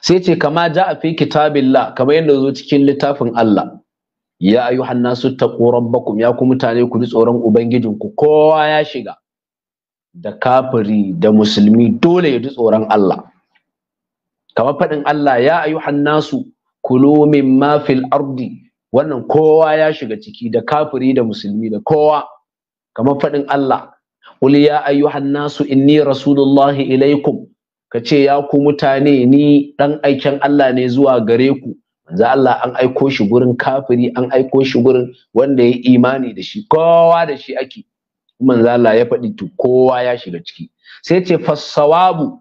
sai ce kama a fi kitabillah kamar yadda zo cikin littafin Allah ya ayyuhan nasu taqu rabbakum ya ku mutane ku ji tsoron ku. kowa ya shiga da kafiri da musulmi dole ya ji tsoron Allah Kama faɗin Allah ya ayyuhan su kulu mimma fil ardi wannan kowa ya shiga ciki da kafiri da musulmi da kowa kamar faɗin Allah qul ya ayyuhan nasu inni rasulullahi ilaikum kace ya ku mutane ni dan aikin Allah ne zuwa gare ku manzo Allah an aiko shi gurin kafiri an aiko shi gurin wanda ya imani da shi kowa da shi ake manzo Allah ya faɗi to kowa ya shiga ciki sai ce fasawabu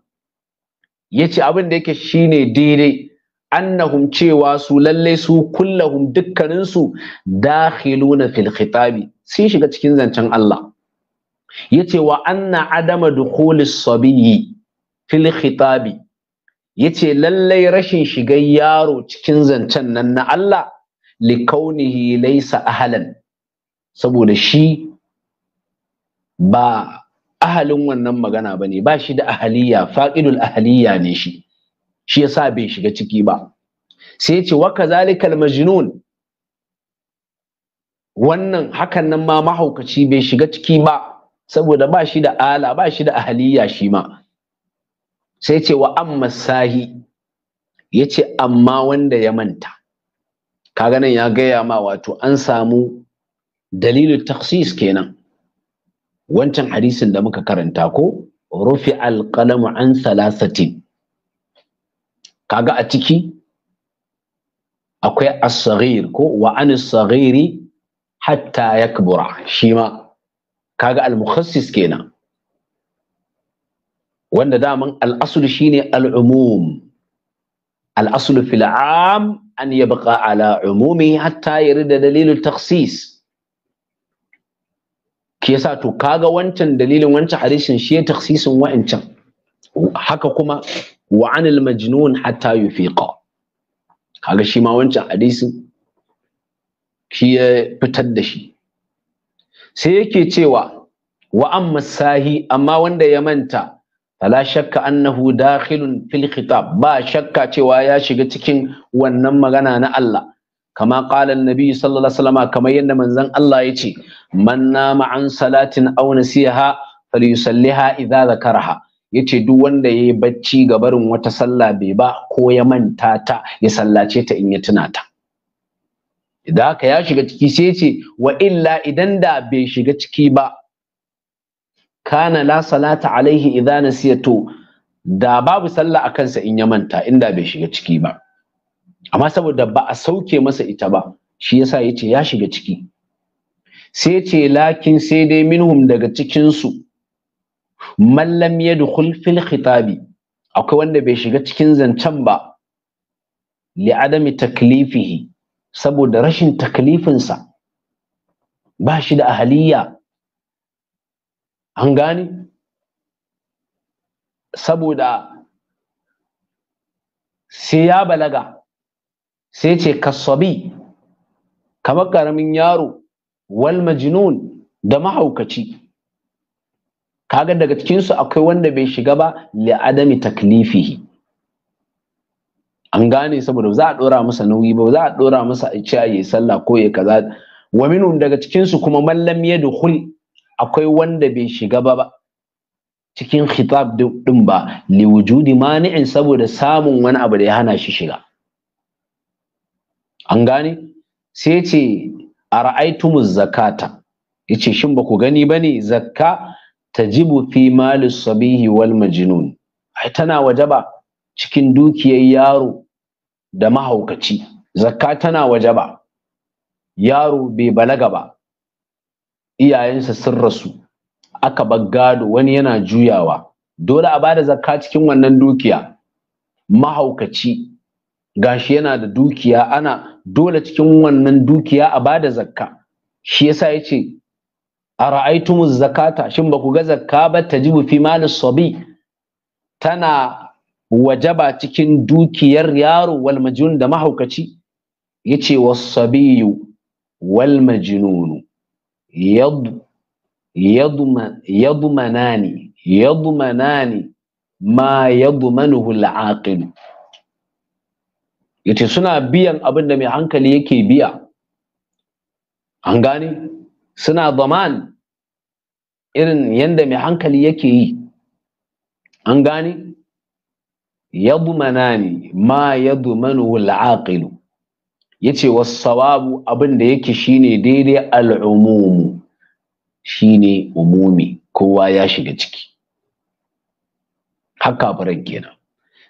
yace abin da yake shine daidai annahum cewa su lalle su kullahum dukkanin su dakhiluna fil khitabi sun shiga cikin zancen Allah yace wa anna adama dukhulis sabiyyi fil khitabi yace lallai rashin shigar yaro cikin zancen nan na Allah li kaunihi laysa ahlan saboda shi ba ahalin wannan magana bane ba shi da ahaliya faqidul ahaliya ne shi shi yasa bai shiga ciki ba sai yace wa kazalikal majnun wannan hakan nan ma mahaukaci bai shiga ciki ba saboda ba shi da ala ba shi da ahaliya shi ma sai ce wa amma sahi ya ce amma wanda ya manta kaga nan ya gaya ma wato an samu dalilin taksis kenan wancan hadisin da muka karanta ko rufi alƙalamu an salasatin kaga a ciki akwai as ko wa an hatta yakbura shi ma kaga al-mukhassis kenan wanda daman al-aslu shine al-umum al-aslu fil am an yabqa ala umumi hatta yarda dalilul takhsis ke yasa to kaga wancan dalilin wancan hadisin shi ya takhsisin wa'ancan haka kuma wa anil majnun hatta yufiqa kaga shi ma wancan hadisin shi ya fitar da shi sai yake cewa wa amma sahi amma wanda ya manta fala shakka annahu dakhilun fil khitab ba shakka cewa ya shiga cikin wannan magana na Allah kama qala annabi sallallahu alaihi wasallam kamar yadda manzon Allah yace man nama an salatin aw nasiha falyusalliha idza zakaraha yace duk wanda yayi bacci ga barin wata sallah bai ba ko ya manta ta ya sallace ta in ya tuna ta idan haka ya shiga ciki sai ce wa illa idan da bai shiga ciki ba kana la salata alaihi idan nasiya to da babu sallah a kansa in ya manta inda bai shiga ciki ba amma saboda ba a sauke masa ita ba shi yasa yace ya shiga ciki sai ce lakin sai dai minhum daga cikinsu. su mallam yadkhul fil khitabi akwai wanda bai shiga cikin zancen ba li adami taklifihi saboda rashin takalifinsa ba shi da ahaliya an gane saboda sai ya balaga sai ce kasabi kamar ƙaramin yaro wal majnun da mahaukaci kaga daga cikinsu akwai wanda bai shiga ba li adami taklifihi an gane saboda za a dora masa nauyi ba za a dora masa a ce yayi sallah ko ya kaza wa minun daga cikin su kuma Mallam ya dukhul akwai wanda bai shiga ba ba cikin khitab din ba li wujudi mani'in saboda samun wani abu da ya hana shi shiga an gane sai ce a zakata yace shin ba ku gani bane zakka tajibu fi malis sabihi wal majnun ai tana wajaba cikin dukiyar yaro da mahaukaci zakka tana waje ba. yaro bai balaga ba iyayensa sun rasu aka bar gado wani yana juyawa dole a bada zakka cikin wannan dukiya mahaukaci gashi yana da dukiya ana dole cikin wannan dukiya a bada zakka shi yasa yace a ra'aitumuz zakata shin ba ku ga zakka ba tajibu fi mali sabi tana wajaba cikin dukiyar yaro wal majnun da mahaukaci yace wasabiyu wal majnun yad yadma yadmanani yadmanani ma yadmanuhu al-aqil yace suna biyan abin da mai hankali yake biya an gane suna zaman irin yanda mai hankali yake yi an gane ni ma yadmanu al-aqilu yace was-sawabu abin da yake shine daidai al shine umumi kowa ya shiga ciki haka faran kenan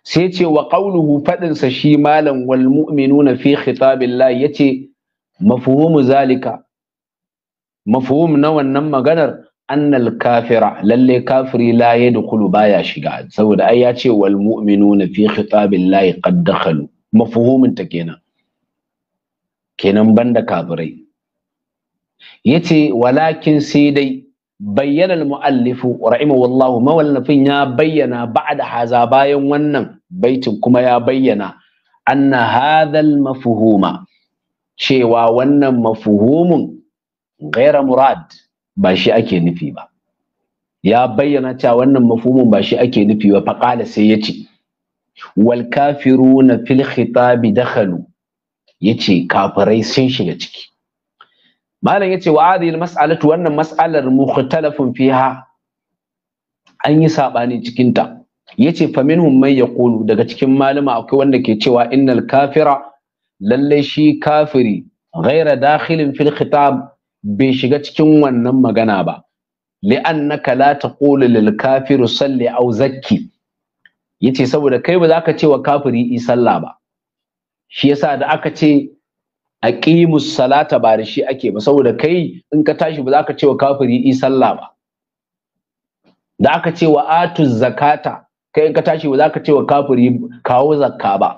sai ce wa qawluhu fadin sa shi malam wal mu'minuna fi khitabillah yace mafhumu zalika mafhum na wannan maganar annal kafira lalle kafiri la yadkhulu baya shiga saboda ai ya ce wal na fi khitabillahi qad dakhalu mafuhumin ta kenan kenan banda kafirai yace walakin sai dai bayyana al-muallifu rahimahullahu mawallafin ya bayyana ba'da haza bayan wannan baitin kuma ya bayyana anna hadha al-mafhuma cewa wannan mafhumun gaira murad ba shi ake nufi ba ya bayyana cewa wannan mafumin ba shi ake nufi ba faqala sai yace wal kafiruna fil khitabi dakhalu yace kafirai sun shiga ciki malam yace wa hadhihi al mas'alatu wannan mas'alar mukhtalafun fiha an yi sabani cikin ta yace fa minhum man yaqulu daga cikin malama akwai wanda ke cewa innal kafira lalle shi kafiri ghaira dakhilin fil khitab bai shiga cikin wannan magana ba li'annaka la taqulu lil kafiru salli aw zakki yace saboda kai ba za ka ce wa kafiri i sallah ba shi yasa da aka ce aqimus salata ba da shi ake ba saboda kai in ka tashi ba za ka ce wa kafiri i sallah ba da aka ce wa atuz zakata kai in ka tashi ba za ka ce wa kafiri kawo zakka ba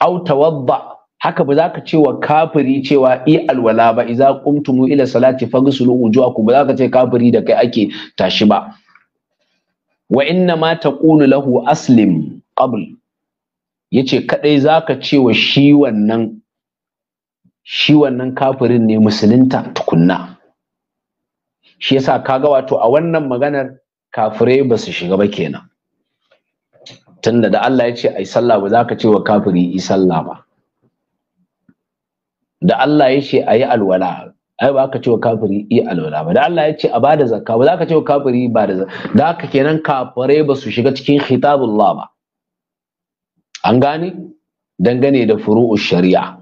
au tawadda haka ba za ka ce wa kafiri cewa i alwala ba iza qumtumu ila salati faghsulu wujuhakum ba za ka ce kafiri da kai ake tashi ba wa inna ma taqulu lahu aslim qabl yace kadai za ka ce wa shi wannan shi wannan kafirin ne musulunta tukunna shi yasa kaga wato a wannan maganar kafirai ba su shiga ba kenan tunda da Allah yace ce ai sallah ba za ka ce wa kafiri i sallah ba da Allah ya ce a yi alwala ai ba ka ce wa kafiri yi alwala ba da Allah ya ce a ba da zakka ba za ka ce wa kafiri ba da zakka da haka kenan kafare ba su shiga cikin khitabullah ba an gane dangane da furu'u shari'a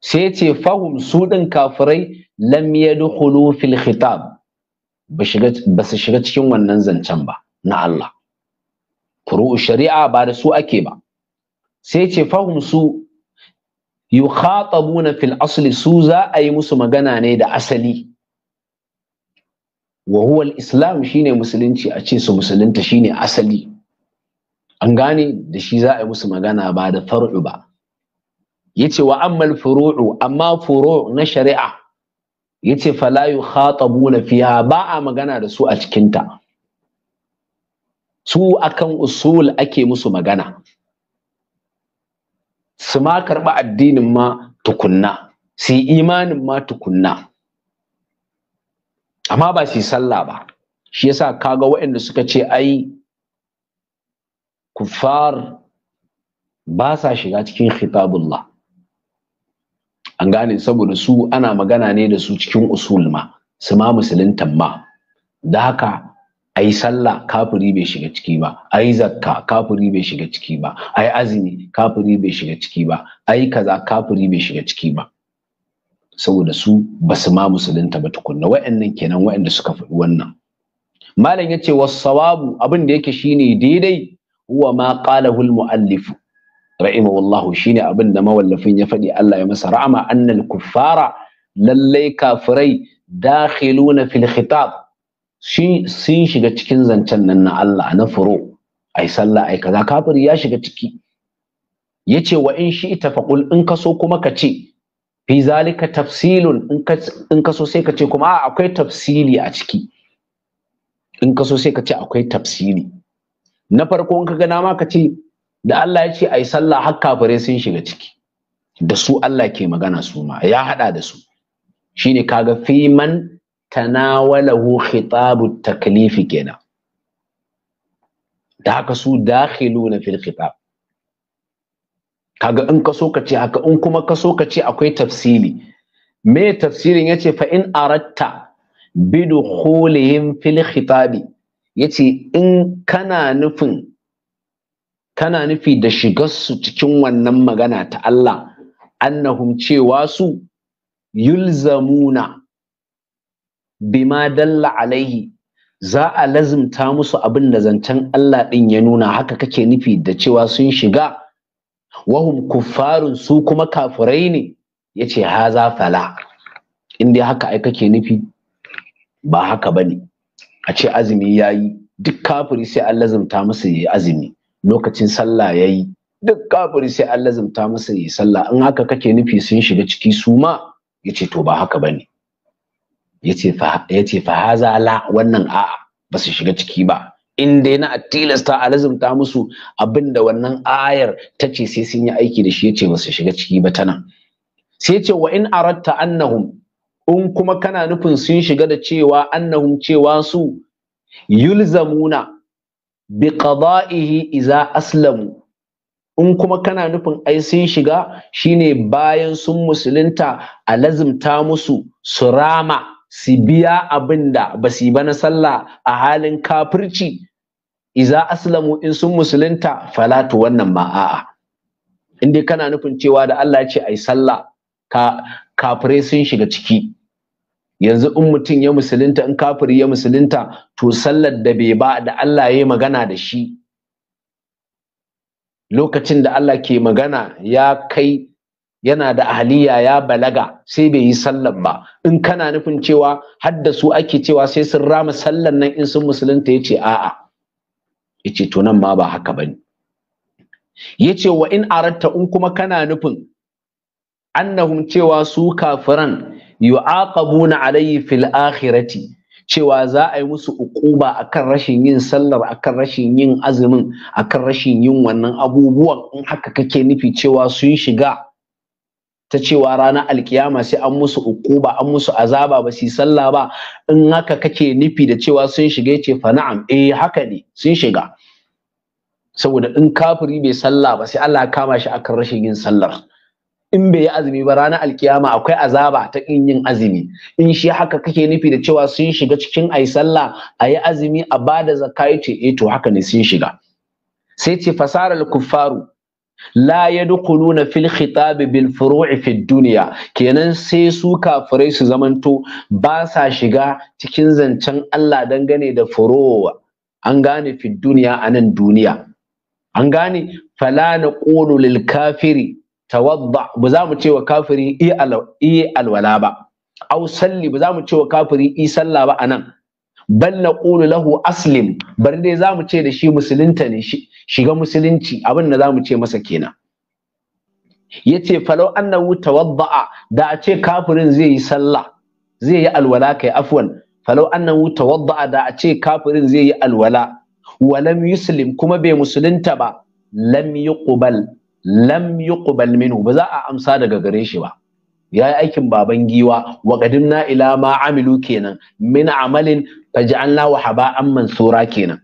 sai ce fahum su din kafirai lam yadkhulu fil khitab ba shiga ba su shiga cikin wannan zancen ba na Allah furu'u shari'a ba da su ake ba sai ce fahum su yukhatabuna fil asli su za a yi musu magana ne da asali wa huwa islam shine musulunci a ce su musulunta shine asali an gane da shi za a yi musu magana ba da far'u ba yace wa ammal furu'u amma furu' na shari'a yace fala yukhatabuna fiha ba a magana da su a cikinta su akan usul ake musu magana su ma karɓi addinin ma tukunna su yi imanin ma tukunna amma ba su yi sallah ba shi yasa kaga waɗanda suka ce ai kuffar ba sa shiga cikin khitabullah an gane saboda su ana magana ne da su cikin usul ma su ma musuluntan ma da haka ai sallah kafiri bai shiga ciki ba ai zakka kafiri bai shiga ciki ba ai azumi kafiri bai shiga ciki ba ai kaza kafiri bai shiga ciki ba saboda su basu ma musulunta ba tukunna wa'annan kenan wa'anda suka faɗi wannan malam yace was-sawabu abin da yake shine daidai huwa ma qalahu al-muallif rahimahullahu shine abin da mawallafin ya faɗi Allah ya masa rahama annal kuffara lallai kafirai dakhiluna fil khitab shi sun shiga cikin zancen nan na Allah na furo ai sallah ai kaza kafiri ya shiga ciki yace wa in shi ita faqul in kaso kuma ka ce fi zalika tafsilun in kaso sai ka ce kuma akwai tafsili a ciki in kaso sai ka ce akwai tafsili na farko in ka ma ka ce da Allah ya ce ai sallah har kafirai sun shiga ciki da su Allah ke magana su ma ya hada da su shine kaga fiman tanawalahu khitabu taklifi kenan da haka su dakhiluna fil khitab kaga in ka ka ce haka in kuma ka ka ce akwai tafsiri. me tafsirin yace fa in aratta bidukhulihim fil khitabi yace in kana nufin kana nufi da shigarsu cikin wannan magana ta Allah annahum cewa su yulzamuna bima dalla alaihi za a lazimta musu abin da zancen Allah ɗin ya nuna haka kake nufi da cewa sun shiga wahum kuffarun su kuma kafurai ne ya ce haza fala Inda haka ai kake nufi ba haka ba a ce azumi ya yi duk kafiri sai an lazimta musu ya yi azumi lokacin sallah ya yi duk kafiri sai an lazimta musu ya yi sallah in haka kake nufi sun shiga ciki su ma ya ce to ba haka bane. yace fa haza la wannan a'a ba su shiga ciki ba in dai na tilasta a lazimta musu abinda wannan ayar ta ce sai sun yi aiki da shi yace ba su shiga ciki ba tana sai yace wa in aratta annahum in kuma kana nufin sun shiga da cewa annahum cewa su yulzamuna bi qada'ihi iza aslamu in kuma kana nufin ai sun shiga shine bayan sun musulunta a lazimta musu su rama su biya abin da ba su yi ba na sallah a halin kafirci iza aslamu in sun musulunta falatu wannan ma a'a in dai kana nufin cewa da Allah ya ce ai sallah ka kafirai sun shiga ciki yanzu in mutum ya musulunta in kafiri ya musulunta to sallar da bai ba da Allah ya yi magana da shi lokacin da Allah ke magana ya kai yana da ahaliya ya balaga sai bai yi sallan ba in kana nufin cewa hadda su ake cewa sai sun rama sallan nan in sun musulunta ya ce a'a ya ce to nan ma ba haka ba ne ya ce wa in aratta in kuma kana nufin annahum cewa su kafiran na alayhi fil akhirati cewa za a yi musu ukuba akan rashin yin sallar akan rashin yin azumin akan rashin yin wannan abubuwan in haka kake nufi cewa sun shiga ta cewa ranar alkiyama sai an musu ukuba an musu azaba ba su sallah ba in haka kake nufi da cewa sun shiga ce fa na'am eh haka ne sun shiga saboda in kafiri bai sallah ba sai Allah kama shi akan rashin yin sallar in bai yi azumi ba ranar alkiyama akwai azaba ta in yin azumi in shi haka kake nufi da cewa sun shiga cikin ai sallah a yi azumi a bada zakai ce. eh to haka ne sun shiga sai ce fasarar kuffaru la yadkhuluna fil khitab bil furu'i fid kenan sai su kafirai su zamanto ba sa shiga cikin zancen Allah dangane da furuwa. an gane fid anan duniya an gane fala naqulu lil kafiri tawadda ba za mu ce wa kafiri i alwala ba au salli ba za mu ce wa kafiri i sallah ba anan bal naqulu lahu aslim bari dai zamu ce da shi musulunta ne shiga musulunci abin da zamu ce masa kenan yace falau annahu tawadda'a da a ce kafirin zai yi sallah zai yi alwala kai afwan falau annahu tawadda'a da a ce kafirin zai yi alwala walam yuslim kuma bai musulunta ba lam yuqbal lam yuqbal minhu ba za a amsa daga gare shi ba ya yi aikin baban giwa wa qadimna ila ma amilu kenan min amalin faj'alna haba haba'an mansura kenan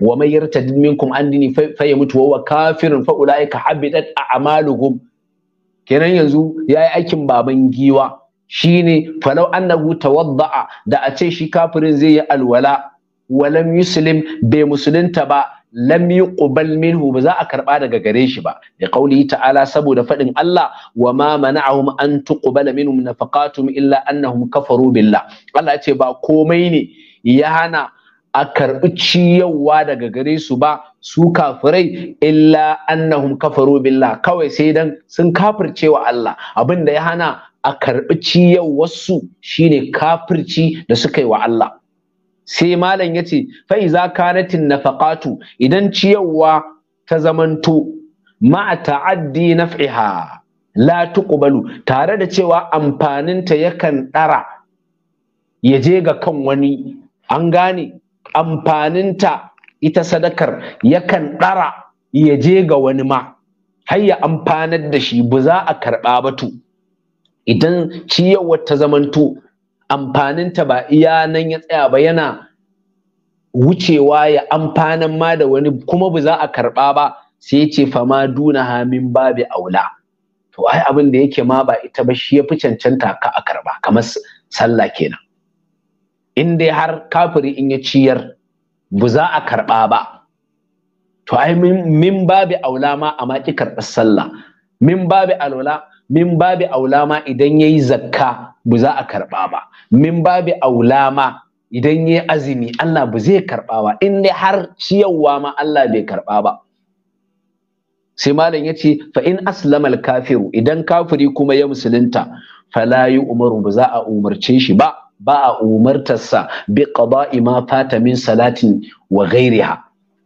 wa may yartad minkum an dini fa yamutu wa kafirin fa ulaika a a'maluhum kenan yanzu ya yi aikin baban giwa shine falau annabu tawadda'a da a ce shi kafirin zai yi alwala walam yuslim bai musulunta ba lam yuqbal minhu ba za a karba daga gare shi ba da qauli ta'ala saboda fadin Allah wa ma mana'ahum an tuqbala minhum nafaqatuhum illa annahum kafaru billah Allah ya ce ba komai ne ya hana a karbi ciyarwa daga gare su ba su kafirai illa annahum kafaru billah kawai sai dan sun wa Allah abinda ya hana a karbi ciyarwar su shine kafirci da suka yi wa Allah sai malam ya ce fa'iza kanatin nafaqatu idan ciyarwa ta zamanto ma'a ta'addi naf'iha la tuqbalu tare da cewa amfaninta yakan ɗara ya je ga kan wani an gane amfaninta ita sadakar yakan ɗara ya je ga wani ma har ya amfanar da shi ba za a karɓa ba to idan ciyarwar ta zamanto amfaninta ba iya nan ya tsaya ba yana wucewa ya amfanan ma da wani kuma ba za a karɓa ba sai ya ce fama duna hamin babi aula to ai abin da yake ma ba ita ba shi ya fi cancanta ka a karɓa kamar sallah kenan in dai har kafiri in ya ciyar ba za a karɓa ba to ai min babi aula ma a ma ki karɓar sallah min babi alwala min babi aulama idan yayi zakka ba za a karba ba min babi aulama idan yayi azumi Allah ba zai karba ba in dai har ciyarwa ma Allah bai karba ba sai malam ce fa in aslama kafir, kafiru idan kafiri kuma ya musulunta fala umaru ba za a umarce shi ba ba a umartarsa bi qada'i ma fata min salatin wa ghairiha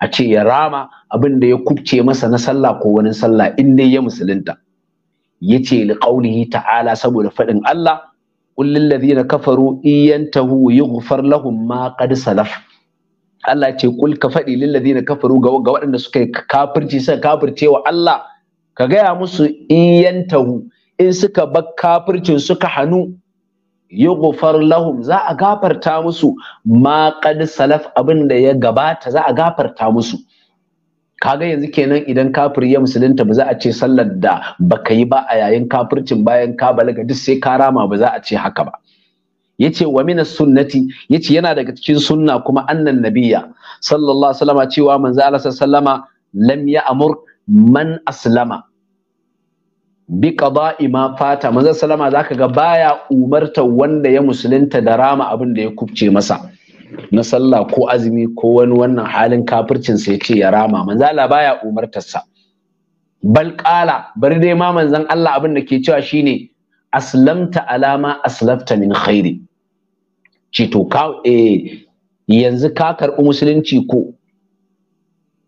a ce ya rama abin da ya kubce masa na sallah ko wani sallah in dai ya musulunta yace li qawlihi ta'ala saboda fadin Allah qul lil ladina kafaru iyantahu yughfar lahum ma qad salaf Allah ce kul ka fadi lil ladina kafaru ga waɗanda suka kafirci suka kafircewa Allah ka gaya musu iyantahu in suka bar kafircin suka hannu yughfar lahum za a gafarta musu ma qad salaf abin da ya gabata za a gafarta musu kaga yanzu kenan idan kafiri ya musulunta ba za a ce sallar da baka yi ba a yayin kafircin bayan ka balaga duk sai ka rama ba za a ce haka ba yace wa min sunnati yace yana daga cikin sunna kuma annan nabiyya sallallahu alaihi wasallam cewa manzo a sallama lam ya amur man aslama bi qada'i ma fata manzo sallama zaka ga baya umarta wanda ya musulunta da rama abin da ya kubce masa na sallah ko azumi ko wani wannan halin kafircin sai ce ya rama manzo Allah baya umartarsa bal qala bari dai ma manzon Allah abin da ke cewa shine aslamta alama aslafta min khairi ci to ka eh yanzu ka karɓi musulunci ko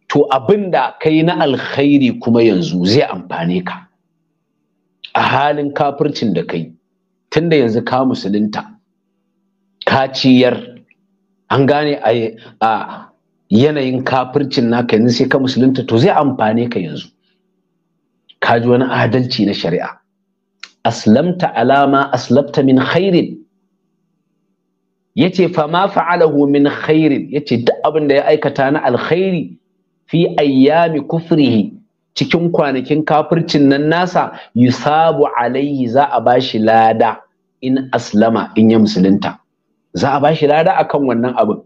to abinda kai na alkhairi kuma yanzu zai amfane ka a halin kafircin da kai tunda yanzu ka musulunta ka ciyar an gane a yanayin kafircin naka yanzu sai ka musulunta to zai amfane ka yanzu ka ji wani adalci na shari'a aslamta alama aslabta min khairin yace fa ma fa'alahu min khairin yace duk abin da ya aikata na alkhairi fi ayyami kufrihi cikin kwanakin kafircin nan nasa yusabu alaihi za a bashi lada in aslama in ya musulunta za a bashi lada akan wannan abin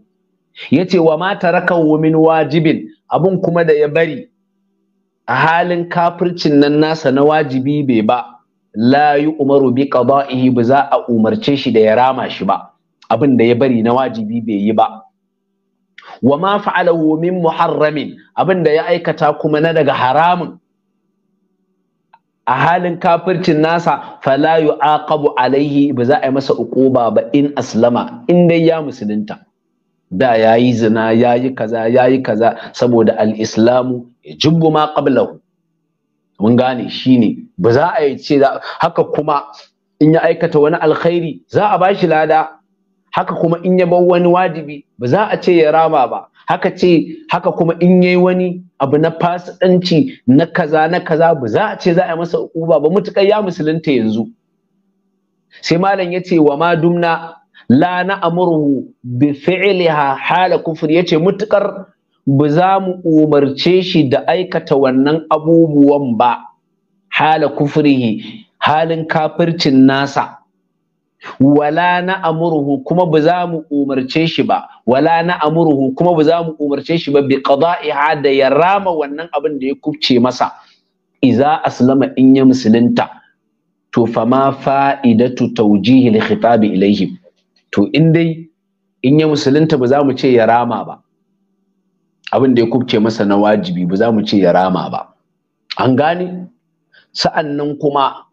ya ce wa ma tarakahu min wajibin abin kuma da ya bari a halin kafircin nan nasa na wajibi bai ba la yi umaru bi qada'ihi ba za a umarce shi da ya rama shi ba abin da ya bari na wajibi bai yi ba wa ma fa'alahu min muharramin abin da ya aikata kuma na daga haramun a halin kafircin nasa fala yu'aqabu alaihi ba za a yi masa uquba ba in aslama in dai ya musulunta da yayi zina yayi kaza yayi kaza saboda al-islamu yajibbu ma qablahu mun gane shine ba za a yi ce haka kuma in ya aikata wani alkhairi za a bashi lada haka kuma in ya bar wani wajibi ba za a ce ya rama ba haka ce haka kuma in yayi wani abu na fasikanci na kaza na kaza ba za a ce za a yi masa uba ba mutukar ya musulunta yanzu sai malam ya ce wa ma dumna la na amurhu bi fi'liha hala kufur yace mutukar ba za mu umarce shi da aikata wannan abubuwan ba hala kufurihi halin kafircin nasa wala na amurhu kuma ba za mu umarce shi ba wala na amurhu kuma ba za mu umarce shi ba bi qada'i hada ya rama wannan abin da ya kubce masa iza aslama in ya musulunta to fa ma fa'idatu tawjihi li khitabi ilayhi to in dai in ya musulunta ba za mu ce ya rama ba abin da ya kubce masa na wajibi ba za mu ce ya rama ba an gane sa'annan kuma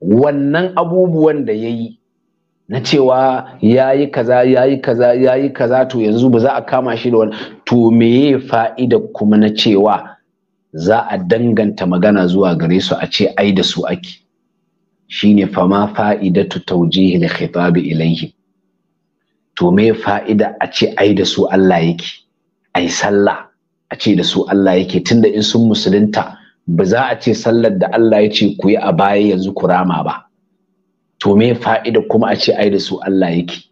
wannan abubuwan da ya yi na cewa ya yi kaza ya yi kaza ya yi kaza to yanzu ba za a kama shi da wani to ya fa'ida kuma na cewa za a danganta magana zuwa gare su a ce ai da su ake ne fama fa'idatu da khitabi ilaihi to me fa'ida a ce ai da su Allah yake ai sallah a ce da su Allah yake tunda in sun musulunta ba za a ce sallar da Allah ya ce ku yi a baya yanzu ku rama ba to me fa'ida kuma a ce ai da su Allah yake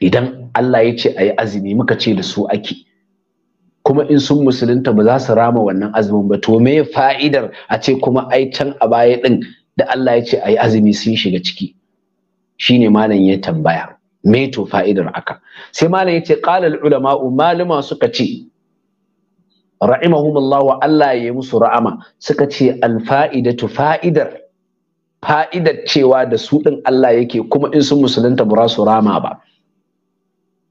idan Allah ya ce a yi azumi muka ce da su ake kuma in sun musulunta ba za su rama wannan azumin ba to me fa'idar a ce kuma ai can a baya ɗin, da Allah ya ce a yi azumi sun shiga ciki shine malam ya tambaya me to fa'idar aka? sai malam ya ce qala ulama malama suka ce rahimahumullah wa Allah ya yi musu ra'ama suka ce alfa'idatu fa'idar fa'idar cewa da su din Allah yake kuma in sun musulunta ba su rama ba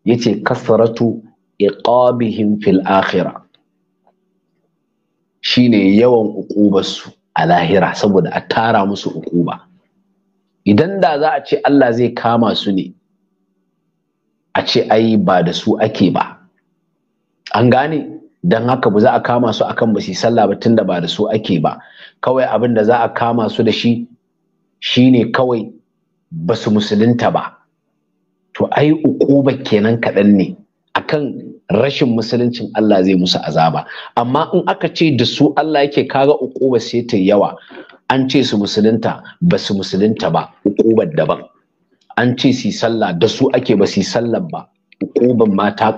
yace kasratu iqabihim fil akhirah shine yawan uqubarsu a lahira saboda a tara musu uquba idan da za a ce Allah zai kama su ne a ce ai ba da su ake ba an gane don haka ba za a kama su akan ba su sallah ba da ba da su ake ba kawai abin da za a kama su da shi shine kawai ba su musulunta ba to ai uquba kenan kaɗan ne akan rashin musuluncin Allah zai musu azaba amma in aka ce da su Allah yake kaga uquba sai ta yawa an ce su musulunta ba su musulunta ba uqubar daban an ce su sallah da su ake ba su sallah ba uquban ma ta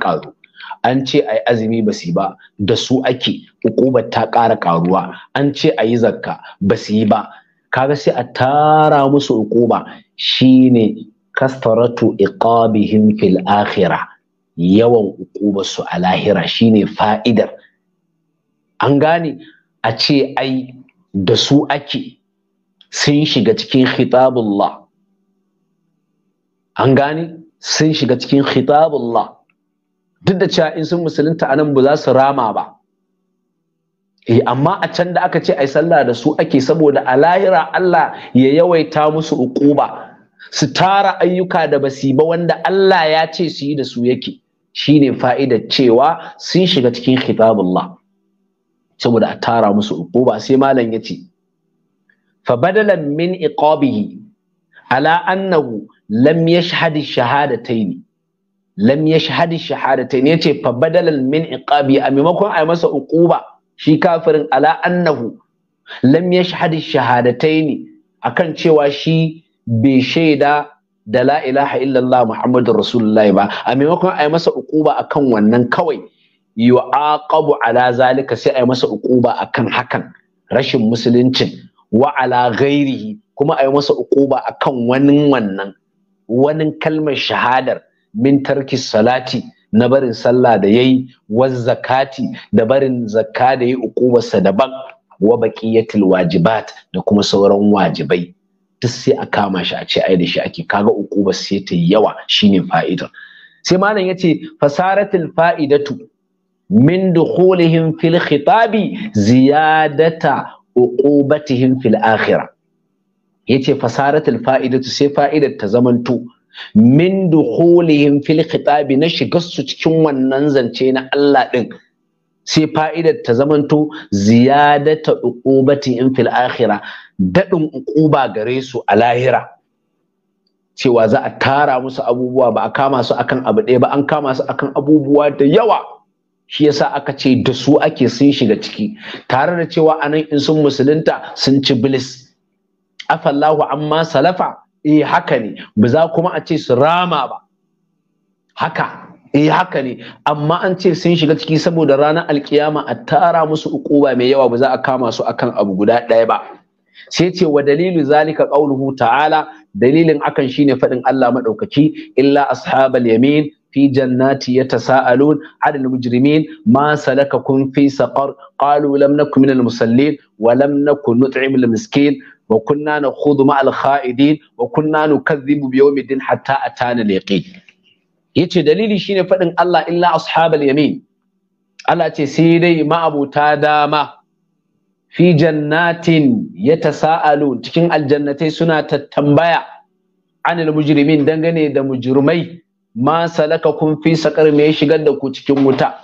an ce a yi azumi ba su yi ba da su ake hukumar ta ƙara ƙaruwa an ce a yi zakka ba su yi ba kaga sai a tara musu ukuba shine kastaratu iqabihim fil akhira yawan hukumar su a lahira shine fa'idar an gane a ce ai da su ake sun shiga cikin khitabullah an gane sun shiga cikin khitabullah duk da cewa in sun musulunta anan ba za su rama ba eh amma a can da aka ce ai sallah da su ake saboda a lahira Allah ya yawaita musu uquba su tara ayyuka da basi ba wanda Allah ya ce su yi da su yake shine fa'idar cewa sun shiga cikin khitabullah saboda a tara musu uquba sai malam yace fa badalan min iqabihi ala annahu lam yashhad ash-shahadatayn lam yashhad ya yace fa badalal min iqabi a maimakon ai masa uquba shi kafirin ala annahu lam yashhad shahadatayn akan cewa shi bai shaida da la ilaha illallah muhammadur rasulullah ba a maimakon ai masa uquba akan wannan kawai yu'aqabu ala zalika sai a masa uquba akan hakan rashin musuluncin wa ala ghairihi kuma ai masa uquba akan wani wannan wani kalmar shahadar min tarki salati na barin sallah da yayi waz zakati da barin zakka da yayi uqubarsa daban wa baqiyatul wajibat da kuma sauran wajibai duk sai a kama shi a ce ai da shi ake kaga uqubar sai ta yawa shine fa'ida sai malam yace fasaratul fa'idatu min dukhulihim fil khitabi ziyadata uqubatihim fil akhirah yace fasaratul fa'idatu sai fa'idar ta zamanto min dukhulihim fil khitabi na shiga su cikin wannan zance na Allah din sai fa'idar ta zamanto ziyadata uqubati in fil akhirah dadin uquba gare su a lahira cewa za a tara musu abubuwa ba a kama su akan abu ɗaya ba an kama su akan abubuwa da yawa shi yasa aka ce da su ake sun shiga ciki tare da cewa anan in sun musulunta sun ci bilis afallahu amma salafa eh haka ne ba za kuma a ce su rama ba haka eh haka ne amma an ce sun shiga ciki saboda ranar alkiyama a tara musu ukuba mai yawa ba za a kama su akan abu guda ɗaya ba sai ce wa dalilu zalika qauluhu ta'ala dalilin akan shine faɗin Allah madaukaki illa ashabal yamin في جنات يتساءلون عن المجرمين ما fi في سقر قالوا لم musallin, من المصلين ولم نكن نطعم miskin. wa kunna nakhudu ma'al kha'idin wa kunna nukazzibu bi yawmiddin hatta a al-yaqin yace dalili shine faɗin Allah illa ashabal yamin Allah ce sai dai ma'abuta dama fi jannatin yatasaalun cikin aljannatai suna ta tambaya. anil mujrimin dangane da mujrimai ma salakakum fi saqar me ya shigar da ku cikin wuta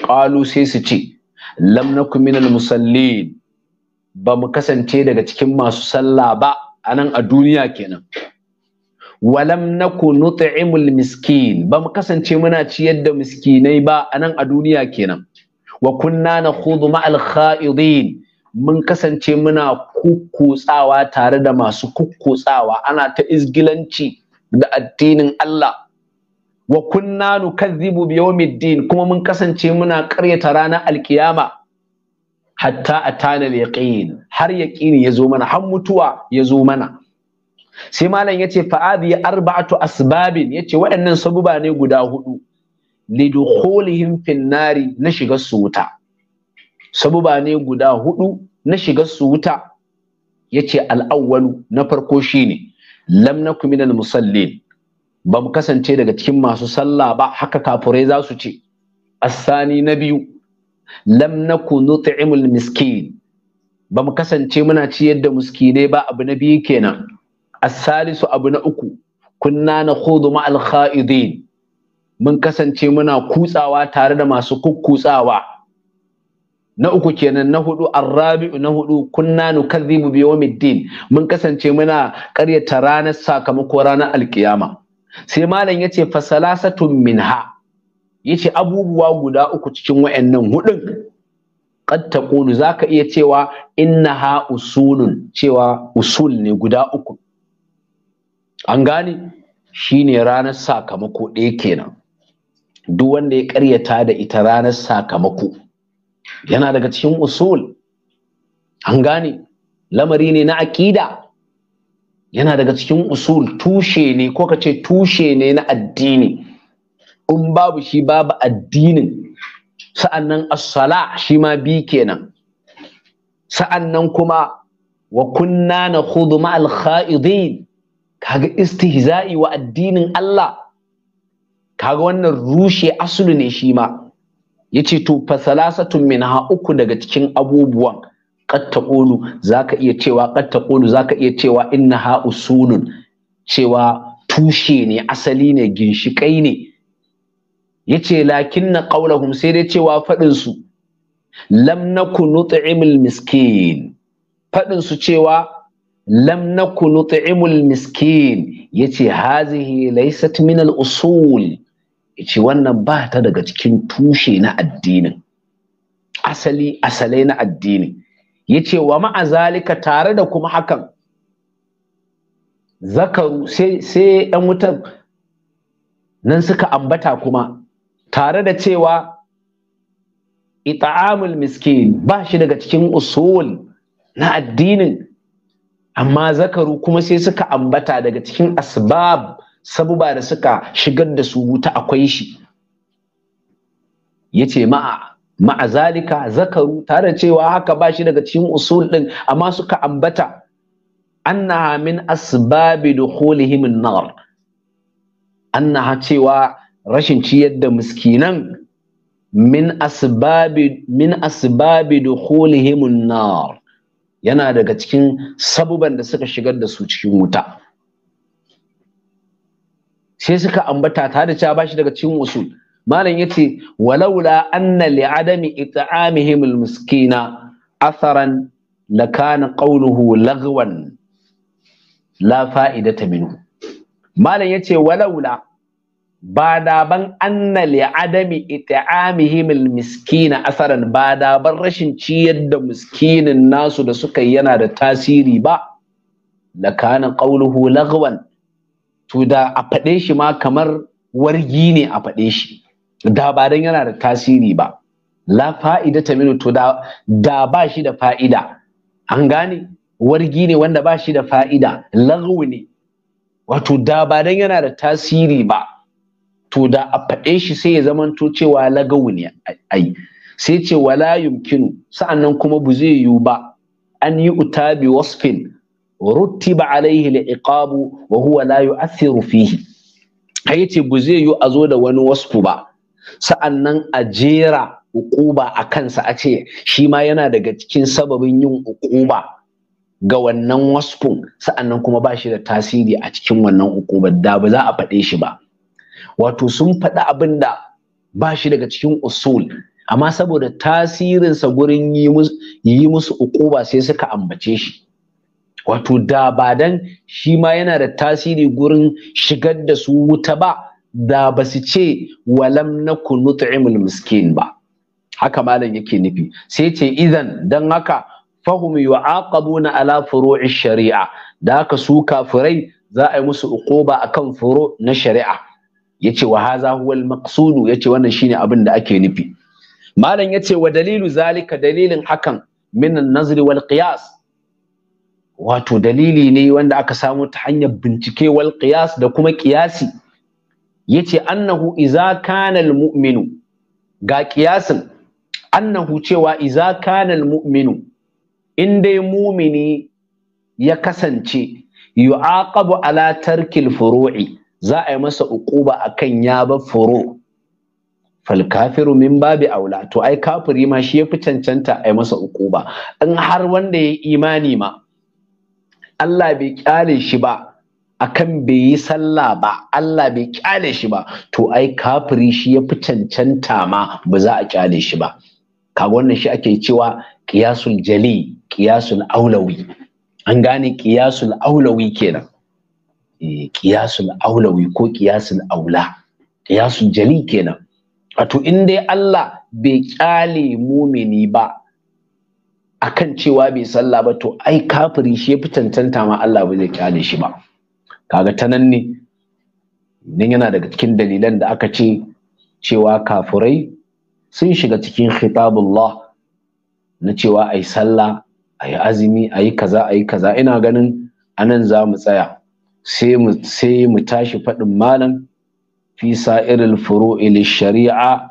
Ƙalu sai su ce lam nakum minal musallin ba mu kasance daga cikin masu sallah ba a nan a duniya kenan walam naku nut'imul miskin ba mu kasance muna ciyar da miskinai ba a nan a duniya kenan wa kunna huduma ma'al kha'idin mun kasance muna kukkutsawa tare da masu kukkutsawa ana ta izgilanci da addinin Allah wa kunna nukazzibu bi yawmiddin kuma mun kasance muna ƙaryata ranar alkiyama hatta atana al-yaqin har yaqini yazo mana har mutuwa yazo mana sai malam yace fa'adhi arba'atu asbabin yace waɗannan sabuba ne guda hudu lidukhulihim fin nari na shiga su wuta sabuba ne guda hudu na shiga su wuta yace al-awwalu na farko shine lam nakum minal musallin ba kasance daga cikin masu sallah ba haka kafurai za su ce asani na biyu lam naku nut'imul miskin ba mu kasance muna ciyar da miskinai ba abu na biyu kenan as-salisu abu na uku kunna nakhudu al kha'idin mun kasance muna kutsawa tare da masu kukkutsawa na uku kenan na hudu al-Rabi'u na hudu kunna nukazzibu bi yawmiddin mun kasance muna karyata ranar sakamako ranar alkiyama sai malam yace fasalasatun minha yace abubuwa guda uku cikin wayannan hudun qad taqulu zaka iya cewa innaha usulun cewa usul ne guda uku an gane shine ranar sakamako ɗaya kenan duk wanda ya ƙaryata da ita ranar sakamako yana daga cikin usul an gane lamari ne na aƙida yana daga cikin usul tushe ne ko kace tushe ne na addini in babu shi babu addinin sa'annan as-sala shi ma bi kenan sa'annan kuma wa kunna nakhudhu ma'al kha'idin kaga istihza'i wa addinin Allah kaga wannan rushe asulu ne shi ma yace to fa salasatun minha uku daga cikin abubuwan qad za zaka iya cewa qad za zaka iya cewa innaha usulun cewa tushe ne asali ne ginshikai ne yace lakinna qaulahum sai dai cewa fadin su lam nakun nut'imul miskin fadin su cewa lam nakun nut'imul miskin yace hazihi laysat min al usul yace wannan ba ta daga cikin tushe na addinin asali asalai na addini yace wa ma'a tare da kuma hakan zakaru sai sai wutan nan suka ambata kuma tare da cewa ita'amul miskin ba shi daga cikin usul na addinin amma zakaru kuma sai suka ambata daga cikin asbab sabuba da suka shigar da su wuta akwai shi Yace ce ma'a ma'a zalika zakaru tare cewa haka ba shi daga cikin usul ɗin amma suka ambata annaha min asbabi dukhulihim an-nar annaha cewa rashin ciyar da miskinan min asbabi min asbabi nar yana daga cikin sabuban da suka shigar da su cikin wuta sai suka ambata ta da cewa shi daga cikin usul malam yace walaula anna li adami it'amihim al-miskina atharan kana qawluhu lagwan la fa'idata minhu malam yace walaula ba da ban anna li adami it'amihim miskina asaran ba da ban rashin ciyar da miskinin nasu da suka yana da tasiri ba la kana qawluhu lagwan to da a fade shi ma kamar wargi ne a fade shi da ba dan yana da tasiri ba la fa'ida ta minu to da da ba shi da fa'ida an gane wargi ne wanda ba shi da fa'ida lagwi ne wato da ba dan yana da tasiri ba to da a faɗe shi sai ya zamanto cewa lagawu ne ai sai ce wala yumkinu sa'annan kuma bu zai yiwu ba an yi uta bi wasfin rutiba alaihi liqabu wa huwa la yu'athiru fihi kai yace bu zai yiwu a zo da wani wasfu ba sa'annan a jera uquba a kansa a ce shi ma yana daga cikin sababin yin uquba ga wannan wasfin sa'annan kuma ba shi da tasiri a cikin wannan uqubar da ba za a faɗe shi ba wato sun faɗi abin da ba shi daga cikin usul amma saboda tasirinsa gurin yi musu ukuba sai suka ambace shi wato da ba dan shi ma yana da tasiri gurin shigar da su wuta ba da ba su ce walam na nut'imul miskin ba haka malam yake nufi sai ce idan dan haka fahum yu'aqabuna ala furu'i shari'a da haka su kafirai za a yi musu ukuba akan furu na shari'a yace wa haza huwal maqsudu ce wannan shine abin da ake nufi malam ce wa dalilu zalika dalilin hakan min an-nazr wal qiyas wato dalili ne wanda aka samu ta hanyar bincike wal qiyas da kuma qiyasi yace annahu idza kana al-mu'minu ga qiyasin annahu cewa idza kana al-mu'minu in dai mumini ya kasance yu'aqabu ala tarkil furu'i za a yi masa uquba akan ya ba furu fal kafiru min babi aula to ai kafiri ma shi yafi cancanta a yi masa uquba in har wanda ya imani ma Allah bai kyale shi ba akan bai yi sallah ba Allah bai kyale shi ba to ai kafiri shi yafi cancanta ma ba za a kyale shi ba kaga wannan shi ake cewa qiyasul jali qiyasul aulawi an gane qiyasul aulawi kenan ƙiyasun eh, aulawi ko ƙiyasun aula Ƙiyasun jali kenan wato in dai Allah bai kyale mumini ba akan cewa bai sallah ba to ai kafiri shi fi tantanta ma Allah ba zai kyale shi ba kaga ta nan ne nan yana daga cikin dalilan da aka ce cewa kafirai sun shiga cikin khitabullah na cewa ai sallah ai azumi ai kaza ai kaza ina ganin anan za mu tsaya sai mu mu tashi faɗin malam fi sa'iril furu'i shari'a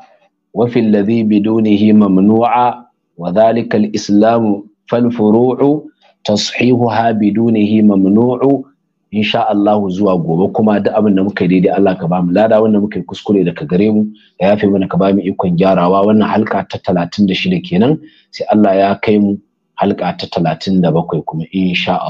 wa fi alladhi bidunihi mamnu'a wa dhalika al-islamu fal furu'u tashihuha bidunihi mamnu'u insha Allah zuwa gobe kuma da abin da muka daidai Allah ka bamu lada wanda muka yi kuskure daga gare mu ya yafe mana ka bamu ikon gyarawa wannan halka ta 36 kenan sai Allah ya kai mu halka ta 37 kuma insha Allah